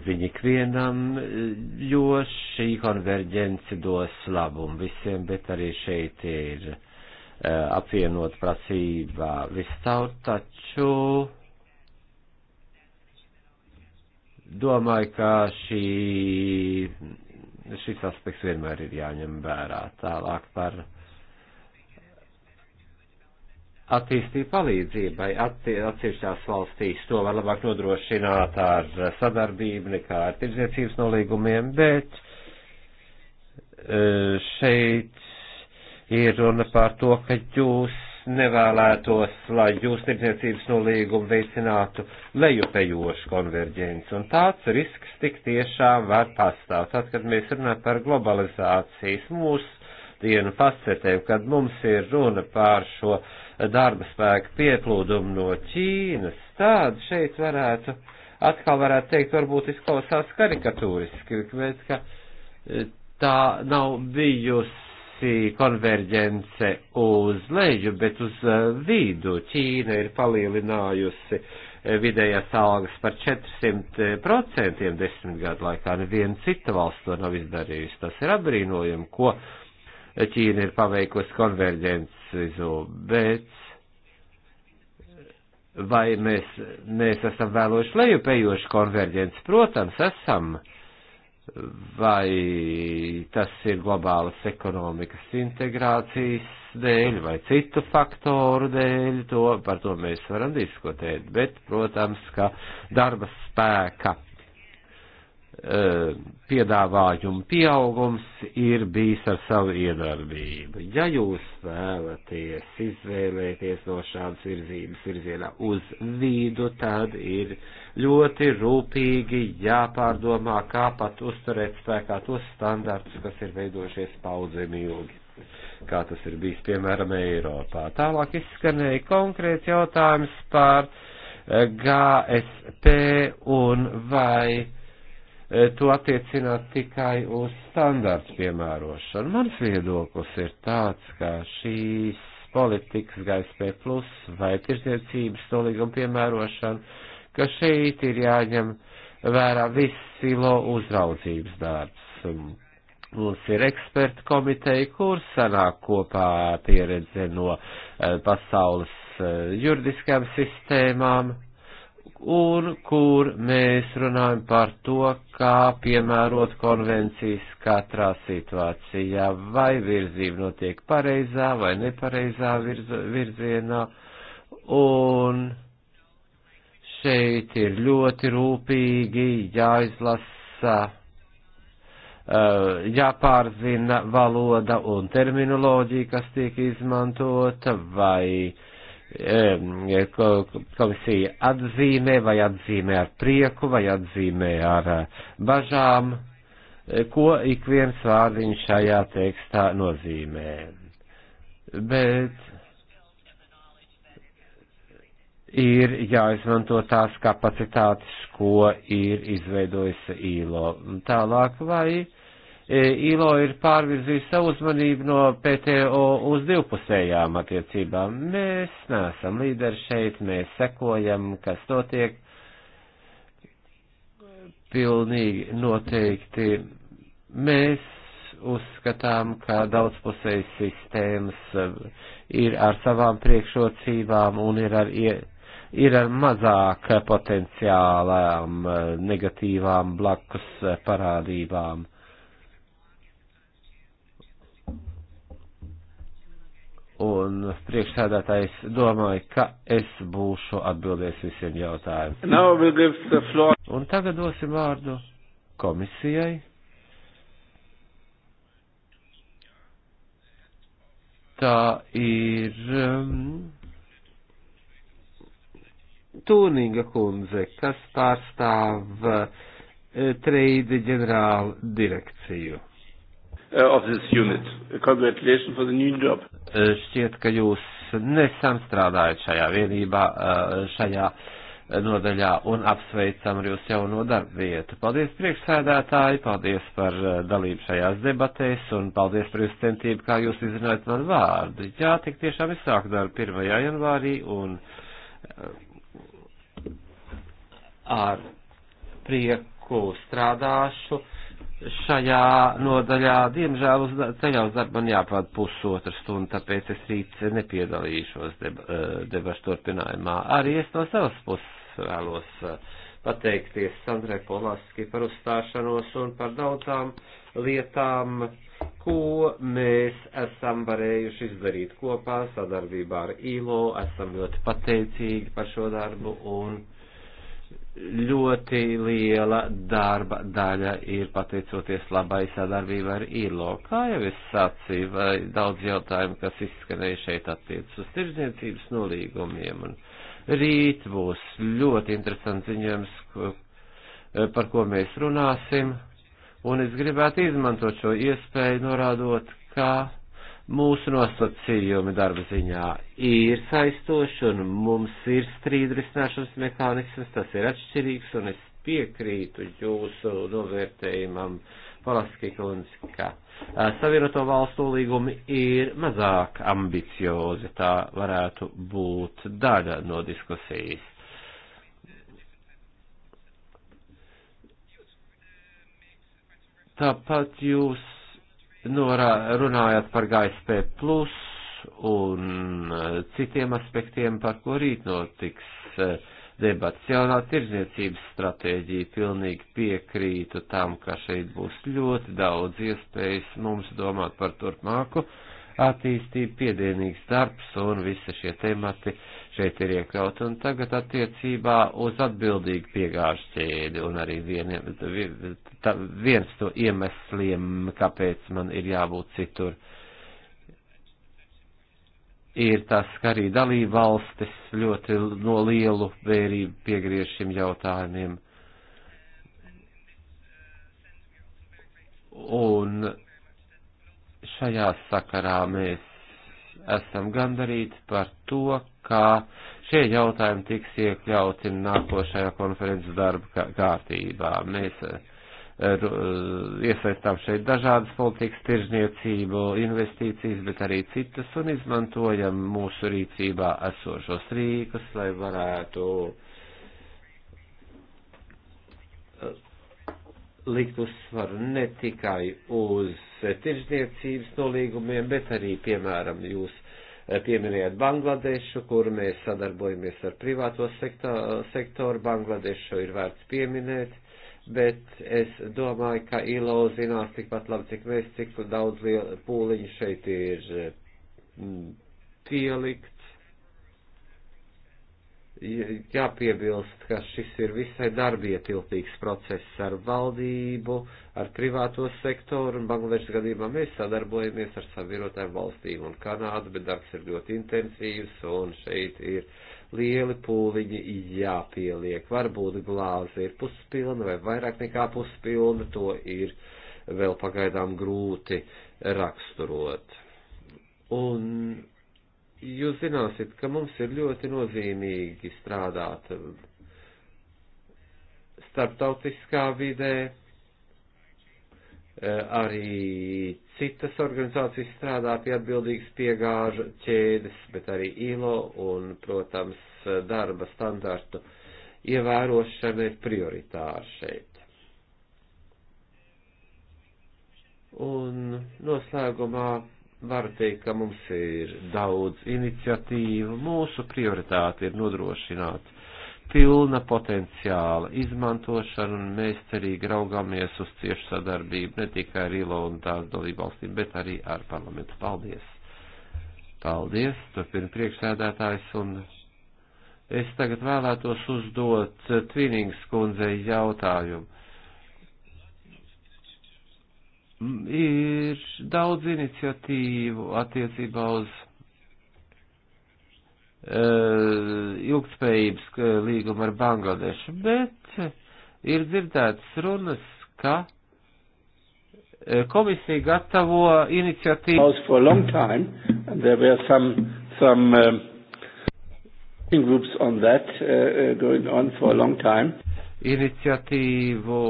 ziņa ikvienam, jo šī konverģence dos labumu visiem, bet arī šeit ir uh, apvienot prasībā viscaur, taču domāju, ka šī, šis aspekts vienmēr ir jāņem vērā tālāk par attīstību palīdzībai atsevišķās valstīs. To var labāk nodrošināt ar sadarbību nekā ar tirdzniecības nolīgumiem, bet e, šeit ir runa par to, ka jūs nevēlētos, lai jūs tirdzniecības nolīgumu veicinātu lejupējošu konverģenci. Un tāds risks tik tiešām var pastāv. Tad, kad mēs runājam par globalizācijas mūsu dienu facetēm, kad mums ir runa pār šo uh, darba spēka pieplūdumu no Ķīnas, tad šeit varētu, atkal varētu teikt, varbūt izklausās karikatūriski, bet ka e, tā nav bijusi konverģence uz leju, bet uz e, vidu. Ķīna ir palielinājusi e, vidējās algas par 400% desmit gadu laikā, neviena cita valsts to nav izdarījusi. Tas ir apbrīnojami, ko Ķīna ir paveikusi konverģences, bet vai mēs, mēs esam vēloši lejupējoši konverģents? Protams, esam. Vai tas ir globālas ekonomikas integrācijas dēļ vai citu faktoru dēļ, to, par to mēs varam diskutēt. Bet, protams, ka darba spēka Eh, piedāvājumu pieaugums ir bijis ar savu iedarbību. Ja jūs vēlaties izvēlēties no šādas virzības virzienā uz vīdu, tad ir ļoti rūpīgi jāpārdomā, kā pat uzturēt spēkā tos standartus, kas ir veidojušies paudzēm ilgi kā tas ir bijis, piemēram, Eiropā. Tālāk izskanēja konkrēts jautājums par eh, GSP un vai uh, E, to attiecināt tikai uz standārts piemērošanu. Mans viedoklis ir tāds, ka šīs politikas GSP plus vai tirsniecības nolīguma piemērošana, ka šeit ir jāņem vērā viss silo uzraudzības darbs. Um, Mums ir eksperta komiteja, kur sanāk kopā pieredze no e, pasaules e, juridiskām sistēmām, un kur mēs runājam par to, kā piemērot konvencijas katrā situācijā, vai virzība notiek pareizā vai nepareizā virz, virzienā, un šeit ir ļoti rūpīgi jāizlasa, eh, jāpārzina valoda un terminoloģija, kas tiek izmantota, vai uh, komisija atzīmē, vai atzīmē ar prieku, vai atzīmē ar eh, bažām, eh, ko ik viens vārdiņš šajā tekstā nozīmē. Bet ir jāizmanto tās kapacitātes, ko ir izveidojusi īlo. Tālāk vai E, ILO ir pārvirzījis savu uzmanību no PTO uz divpusējām attiecībām. Mēs neesam līderi šeit, mēs sekojam, kas notiek. Pilnīgi noteikti mēs uzskatām, ka daudzpusējas sistēmas ir ar savām priekšrocībām un ir ar, ir ar mazāk potenciālām negatīvām blakus parādībām Un priekšsēdētājs domāja, ka es būšu atbildējis visiem jautājumiem. Un tagad dosim vārdu komisijai. Tā ir um, Tūninga kundze, kas pārstāv uh, treidi ģenerālu direkciju. Uh, of this unit. Congratulations for the new job. Uh, šķiet, ka jūs nesam strādājat šajā vienībā, uh, šajā nodaļā un apsveicam ar jūs jauno darbu vietu. Paldies priekšsēdētāji, paldies par dalību šajās debatēs un paldies par jūsu centību, kā jūs izrunājat man vārdu. Jā, tik tiešām es sāku darbu 1. janvārī un ar prieku strādāšu šajā nodaļā, diemžēl, uz, ceļā uz darbu man jāpār pusotra stunda, tāpēc es rīt nepiedalīšos deba, eh, debašu turpinājumā. Arī es no savas puses vēlos eh, pateikties Sandrai Polaski par uzstāšanos un par daudzām lietām, ko mēs esam varējuši izdarīt kopā sadarbībā ar ILO. Esam ļoti pateicīgi par šo darbu un ļoti liela darba daļa ir pateicoties labai sadarbībai ar ILO. Kā jau es sacīju, vai daudz jautājumu, kas izskanēja šeit attiec uz tirdzniecības nolīgumiem. Un rīt būs ļoti interesants ziņojums, eh, par ko mēs runāsim. Un es gribētu izmantot šo iespēju norādot, ka mūsu nosacījumi darba ziņā ir saistoši un mums ir strīdu risināšanas mehānisms, tas ir atšķirīgs un es piekrītu jūsu novērtējumam Palaskikuns, ka savienoto valstu līgumi ir mazāk ambiciozi, tā varētu būt daļa no diskusijas. Tāpat jūs norā, nu, runājāt par GSP plus un eh, citiem aspektiem, par ko rīt notiks eh, debats. Jaunā tirdzniecības stratēģija pilnīgi piekrītu tam, ka šeit būs ļoti daudz iespējas mums domāt par turpmāku attīstību, piedienīgs darbs un visi šie temati šeit ir iekļauti. Un tagad attiecībā uz atbildīgu piegāžu ķēdi un arī vieniem, ta, viens no iemesliem, kāpēc man ir jābūt citur, ir tas, ka arī dalība valstis ļoti no lielu vērību piegriež šim jautājumiem. Un šajā sakarā mēs esam gandarīti par to, kā šie jautājumi tiks iekļauti nākošajā konferences darba kārtībā. Mēs Eh, eh, iesaistām šeit dažādas politikas, tirzniecību, investīcijas, bet arī citas, un izmantojam mūsu rīcībā esošos rīkus, lai varētu eh, likt uzsvaru ne tikai uz tirzniecības nolīgumiem, bet arī, piemēram, jūs pieminējāt Bangladešu, kur mēs sadarbojamies ar privāto sektoru. Bangladešu ir vērts pieminēt bet es domāju, ka ILO zinās tikpat labi, cik mēs, cik daudz pūliņu šeit ir mm, pielikt. Jāpiebilst, ka šis ir visai darbietilpīgs process ar valdību, ar privāto sektoru, un Bangladešas gadījumā mēs sadarbojamies ar savienotēm valstīm un Kanādu, bet darbs ir ļoti intensīvs, un šeit ir uh, lieli pūliņi jāpieliek. Varbūt glāze ir puspilna vai vairāk nekā puspilna, to ir vēl pagaidām grūti raksturot. Un jūs zināsiet, ka mums ir ļoti nozīmīgi strādāt starptautiskā vidē, Eh, arī citas organizācijas strādā pie atbildīgas piegāžu ķēdes, bet arī ILO un, protams, eh, darba standartu ievērošana ir prioritāra šeit. Un noslēgumā varu teikt, ka mums ir daudz iniciatīvu. Mūsu prioritāte ir nodrošināt pilna potenciāla izmantošana, un mēs cerīgi raugāmies uz ciešu sadarbību ne tikai ar ILO un tās dalību valstīm, bet arī ar parlamentu. Paldies! Paldies, turpina priekšsēdētājs, un es tagad vēlētos uzdot Tvinings kundzei jautājumu. Ir daudz iniciatīvu attiecībā uz Eh, ilgspējības eh, līgumu ar Bangladešu, bet eh, ir dzirdētas runas, ka komisija gatavo iniciatīvu. Some, um, groups on that uh, going on for a long time. Iniciatīvu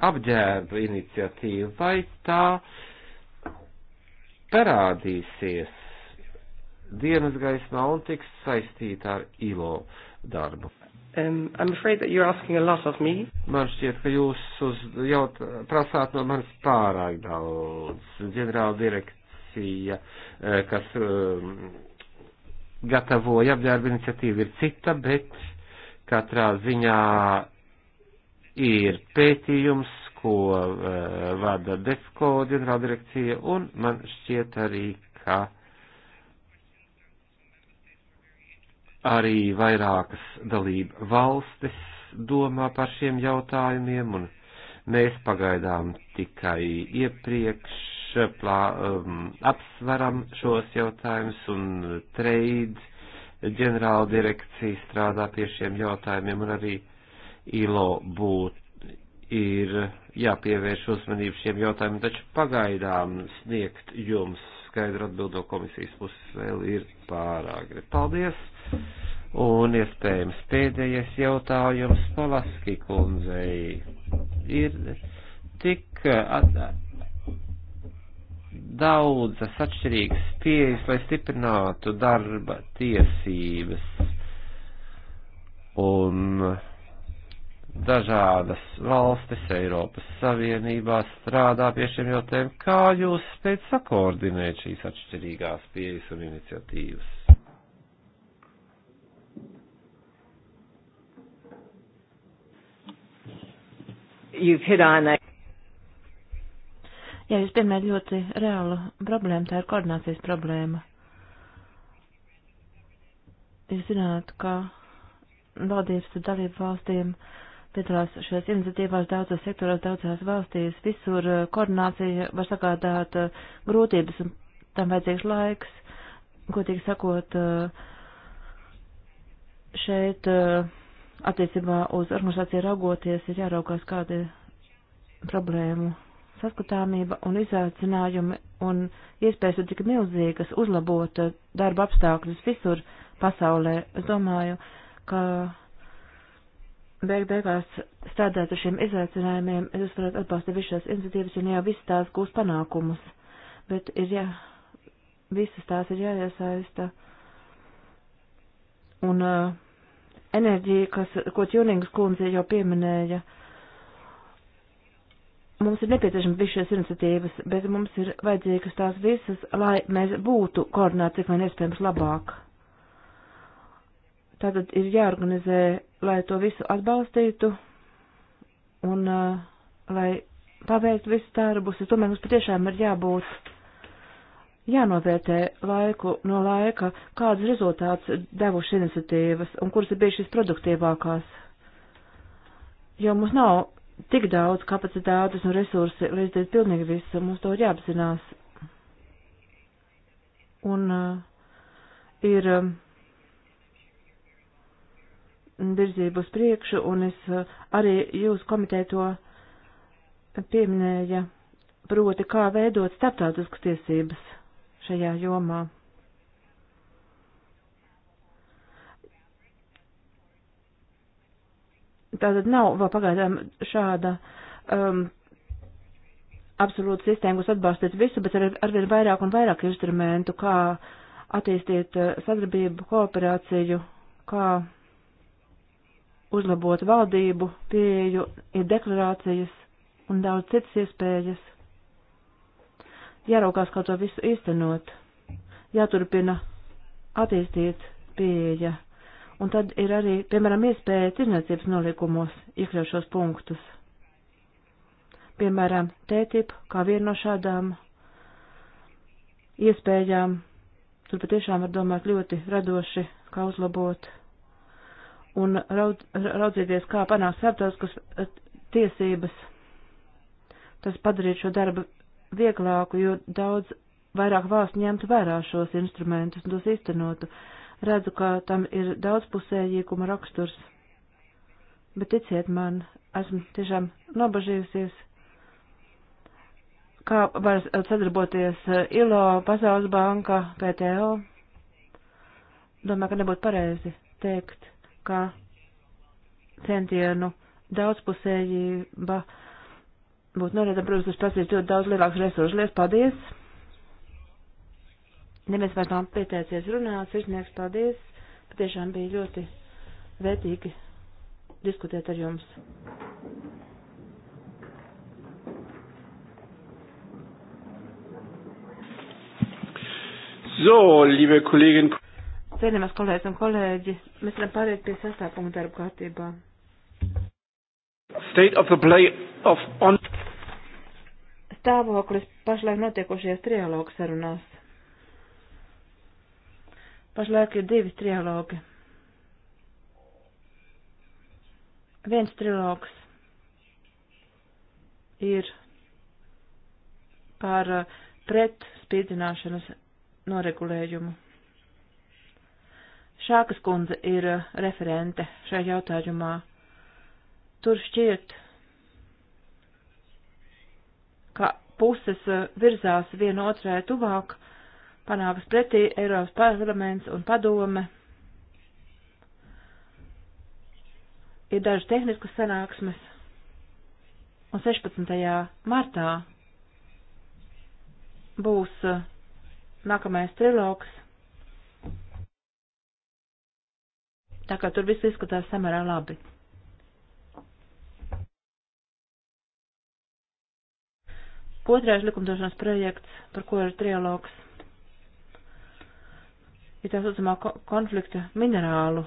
apģērbu iniciatīvu vai tā uh, parādīsies dienas gaismā un tiks saistīta ar ILO darbu. Um, I'm afraid that you're asking a lot of me. Man šķiet, ka jūs uz, jaut, prasāt no manis pārāk daudz. Ģenerāla direkcija, eh, kas um, gatavoja apģērba iniciatīvu, ir cita, bet katrā ziņā ir pētījums, ko eh, vada DEFCO ģenerāldirekcija, un man šķiet arī, ka arī vairākas dalība valstis domā par šiem jautājumiem, un mēs pagaidām tikai iepriekš plā, um, apsveram šos jautājumus, un treid ģenerāldirekcija strādā pie šiem jautājumiem, un arī ILO būtu ir jāpievērš uzmanību šiem jautājumiem, taču pagaidām sniegt jums skaidru atbildo komisijas puses vēl ir pārāk. Paldies! Un iespējams pēdējais jautājums Palaski kundzei ir tik at, daudzas atšķirīgas pieejas, lai stiprinātu darba tiesības. Un dažādas valstis Eiropas Savienībā strādā pie šiem jautājumiem. Kā jūs spējat sakoordinēt šīs atšķirīgās pieejas un iniciatīvas? Jā, jūs pieminējat ļoti reālu problēmu, tā ir koordinācijas problēma. Jūs zināt, ka valdības dalību valstīm uh, piedalās šajās iniciatīvās daudzos sektoros, daudzās valstīs. Visur eh, koordinācija var sagādāt eh, grūtības un tam vajadzīgs laiks. Godīgi sakot, eh, šeit attiecībā uz organizāciju raugoties ir jāraugās kādi problēmu saskatāmība un izaicinājumi un iespējas ir tik milzīgas uzlabot darba apstākļus visur pasaulē. Es domāju, ka beig beigās strādāt ar šiem izaicinājumiem, jūs varat atbalstīt visu šās iniciatīvas, un jau visas tās gūs panākumus, bet ir jā, visas tās ir jāiesaista. Un uh, enerģija, kas, ko Tjūningas kundze jau pieminēja, mums ir nepieciešams visu šīs iniciatīvas, bet mums ir vajadzīgas tās visas, lai mēs būtu koordināti, cik vien iespējams labāk. Tātad ir jāorganizē, lai to visu atbalstītu un uh, lai paveiktu visus darbus. Es domāju, mums patiešām ir jābūt jānovērtē laiku no laika, kādas rezultāts devuši iniciatīvas un kuras ir bijušas produktīvākās. Jo mums nav tik daudz kapacitātes un resursi, lai izdarītu pilnīgi visu, mums to ir jāapzinās. Un uh, ir. Uh, virzību uz priekšu, un es eh, arī jūs komiteja to pieminēja, proti, kā veidot starptautiskas tiesības šajā jomā. Tātad nav vēl pagaidām šāda um, absolūta sistēma, kas atbalstītu visu, bet ar, arvien vairāk un vairāk instrumentu, kā attīstīt uh, sadarbību, kooperāciju, kā uzlabot valdību pieeju, ir deklarācijas un daudz citas iespējas. Jāraukās, kā to visu īstenot, jāturpina attīstīt pieeja, un tad ir arī, piemēram, iespēja tirniecības nolikumos iekļaut šos punktus. Piemēram, tētip, kā viena no šādām iespējām, tur patiešām var domāt ļoti radoši, kā uzlabot un raud, raudzīties, kā panākt starptautiskas eh, tiesības. Tas padarītu šo darbu vieglāku, jo daudz vairāk valsts ņemtu vērā šos instrumentus un tos īstenotu. Redzu, ka tam ir daudzpusējīguma raksturs. Bet ticiet man, esmu tiešām nobažījusies, kā var sadarboties eh, ILO, Pasaules banka, PTO. Domāju, ka nebūtu pareizi teikt, ka centienu daudzpusējība būtu norēta, protams, tas prasīs ļoti daudz lielāks resursu. Lies, paldies! Neviens vairs nav pieteicies runāt, sirsnieks, paldies! Patiešām bija ļoti vērtīgi diskutēt ar jums. So, liebe Kolleginnen Cienījamās kolēģis un kolēģi, mēs varam pāriet pie sastāvuma darba kārtībā. State of the play of on... Stāvoklis pašlaik notiekošajās trialogu sarunās. Pašlaik ir divi trialogi. Viens trilogs ir par uh, pretspīdzināšanas noregulējumu. Šākas kundze ir uh, referente šajā jautājumā. Tur šķiet, ka puses uh, virzās viena otrē tuvāk, panākas pretī Eiropas parlaments un padome. Ir dažas tehniskas sanāksmes, un 16. martā būs uh, nākamais trilogs Tā kā tur viss izskatās samērā labi. Otrais likumdošanas projekts, par ko ir trialogs, ir tā saucamā konflikta minerālu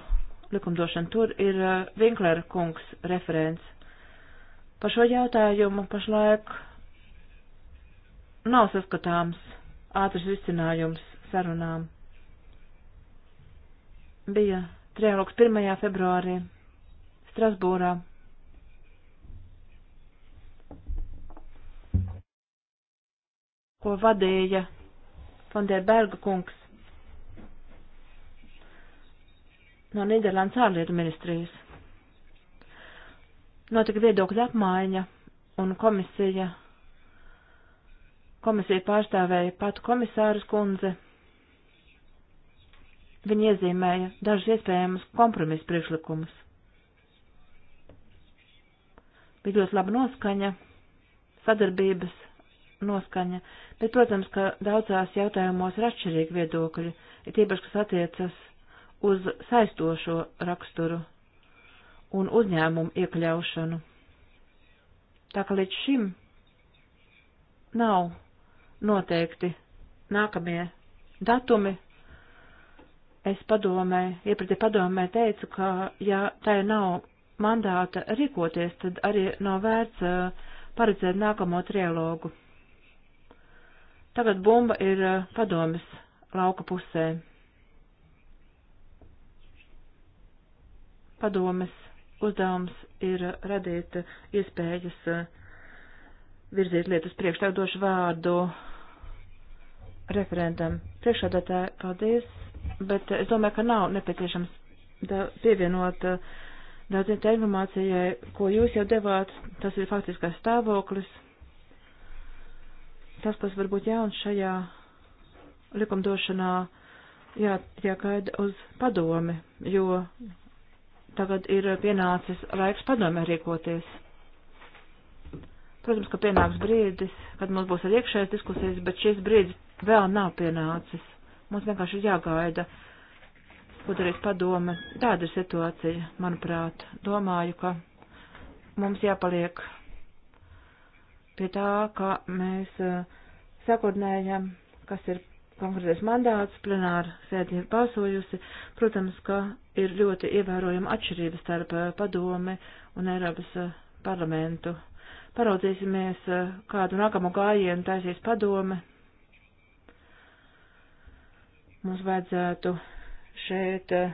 likumdošana. Tur ir Vinklera eh, kungs referents. Par šo jautājumu pašlaik nav saskatāms ātrs risinājums sarunām. Bija Trialogs 1. februārī Strasbūrā. ko vadīja Fonderberga kungs no Nīderlandes ārlietu ministrijas. Notika viedokļa apmaiņa un komisija. Komisija pārstāvēja patu komisāras kundze Viņi iezīmēja dažus iespējamus kompromisu priekšlikumus. Bija ļoti laba noskaņa, sadarbības noskaņa, bet, protams, ka daudzās jautājumos ir atšķirīgi viedokļi, ir tīpaši, kas attiecas uz saistošo raksturu un uzņēmumu iekļaušanu. Tā ka līdz šim nav noteikti nākamie datumi es padomē, iepriekšē padomē teicu, ka ja tai nav mandāta rīkoties, tad arī nav vērts uh, paredzēt nākamo trialogu. Tagad bumba ir uh, padomas lauka pusē. Padomas uzdevums ir uh, radīt iespējas virzīt lietas priekš. Tagad došu vārdu referentam. Priekšādatē, paldies! bet es domāju, ka nav nepieciešams da, pievienot eh, daudziem tā informācijai, ko jūs jau devāt, tas ir faktiskais stāvoklis. Tas, kas varbūt jauns šajā likumdošanā, jā, jāgaida uz padomi, jo tagad ir pienācis laiks padomē rīkoties. Protams, ka pienāks brīdis, kad mums būs arī iekšējais diskusijas, bet šis brīdis vēl nav pienācis. Mums vienkārši ir jāgaida, ko darīs padome. Tāda ir situācija, manuprāt. Domāju, ka mums jāpaliek pie tā, ka mēs eh, sakotnējam, kas ir konkrētais mandāts, plenāra sēdē ir balsojusi. Protams, ka ir ļoti ievērojama atšķirība starp eh, padomi un Eiropas eh, parlamentu. Paraudzīsimies, kādu nākamo gājienu taisīs padome Mums vajadzētu šeit eh,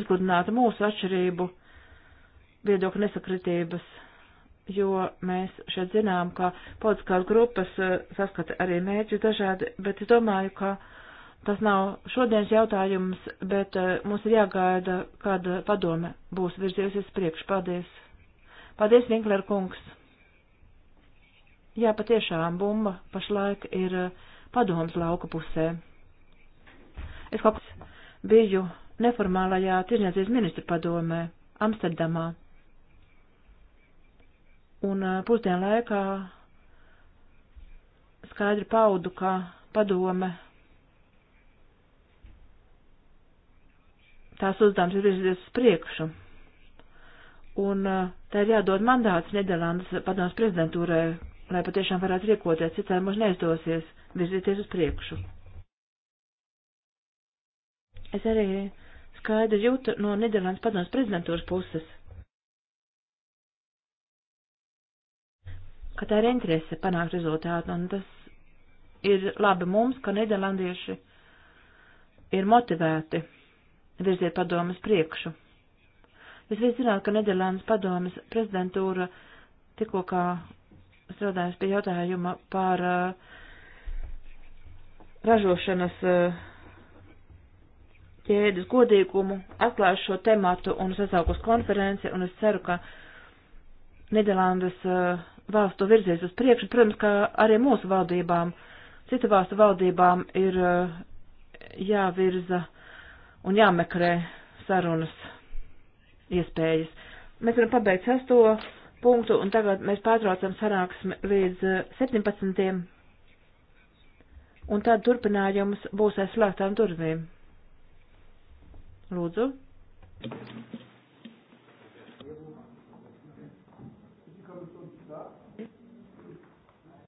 izgludināt mūsu atšķirību viedokļu nesakritības, jo mēs šeit zinām, ka politiskās grupas eh, saskata arī mērķi dažādi, bet es domāju, ka tas nav šodienas jautājums, bet eh, mums ir jāgaida, kāda padome būs virzījusies priekš. Paldies! Paldies, Vinkler kungs! Jā, patiešām bumba pašlaik ir. Uh, padomas lauka pusē. Es kaut kāds biju neformālajā tirniecības ministru padomē Amsterdamā. Un pusdienu laikā skaidri paudu, ka padome tās uzdevums ir virzīties uz priekšu. Un tā ir jādod mandāts Nederlandes padomas prezidentūrai, lai patiešām varētu rīkoties, citādi mums neizdosies virzīties uz priekšu. Es arī skaidri jūtu no Nīderlandes padomus prezidentūras puses, ka tā ir interese panākt rezultātu, un tas ir labi mums, ka Nīderlandieši ir motivēti virziet padomus priekšu. Jūs visi zināt, ka Nīderlandes padomus prezidentūra tikko kā strādājums pie jautājuma par eh, ražošanas eh, ķēdes godīgumu, atklāšu šo tematu un sasaukus konferenci, un es ceru, ka Nīderlandes eh, valstu virzies uz priekšu, protams, ka arī mūsu valdībām, citu valstu valdībām ir jāvirza un jāmeklē sarunas iespējas. Mēs varam pabeigt sesto punktu, un tagad mēs pārtraucam sanāksmi līdz 17. Eh, un tad turpinājums būs aizslēgtām durvīm. Lūdzu.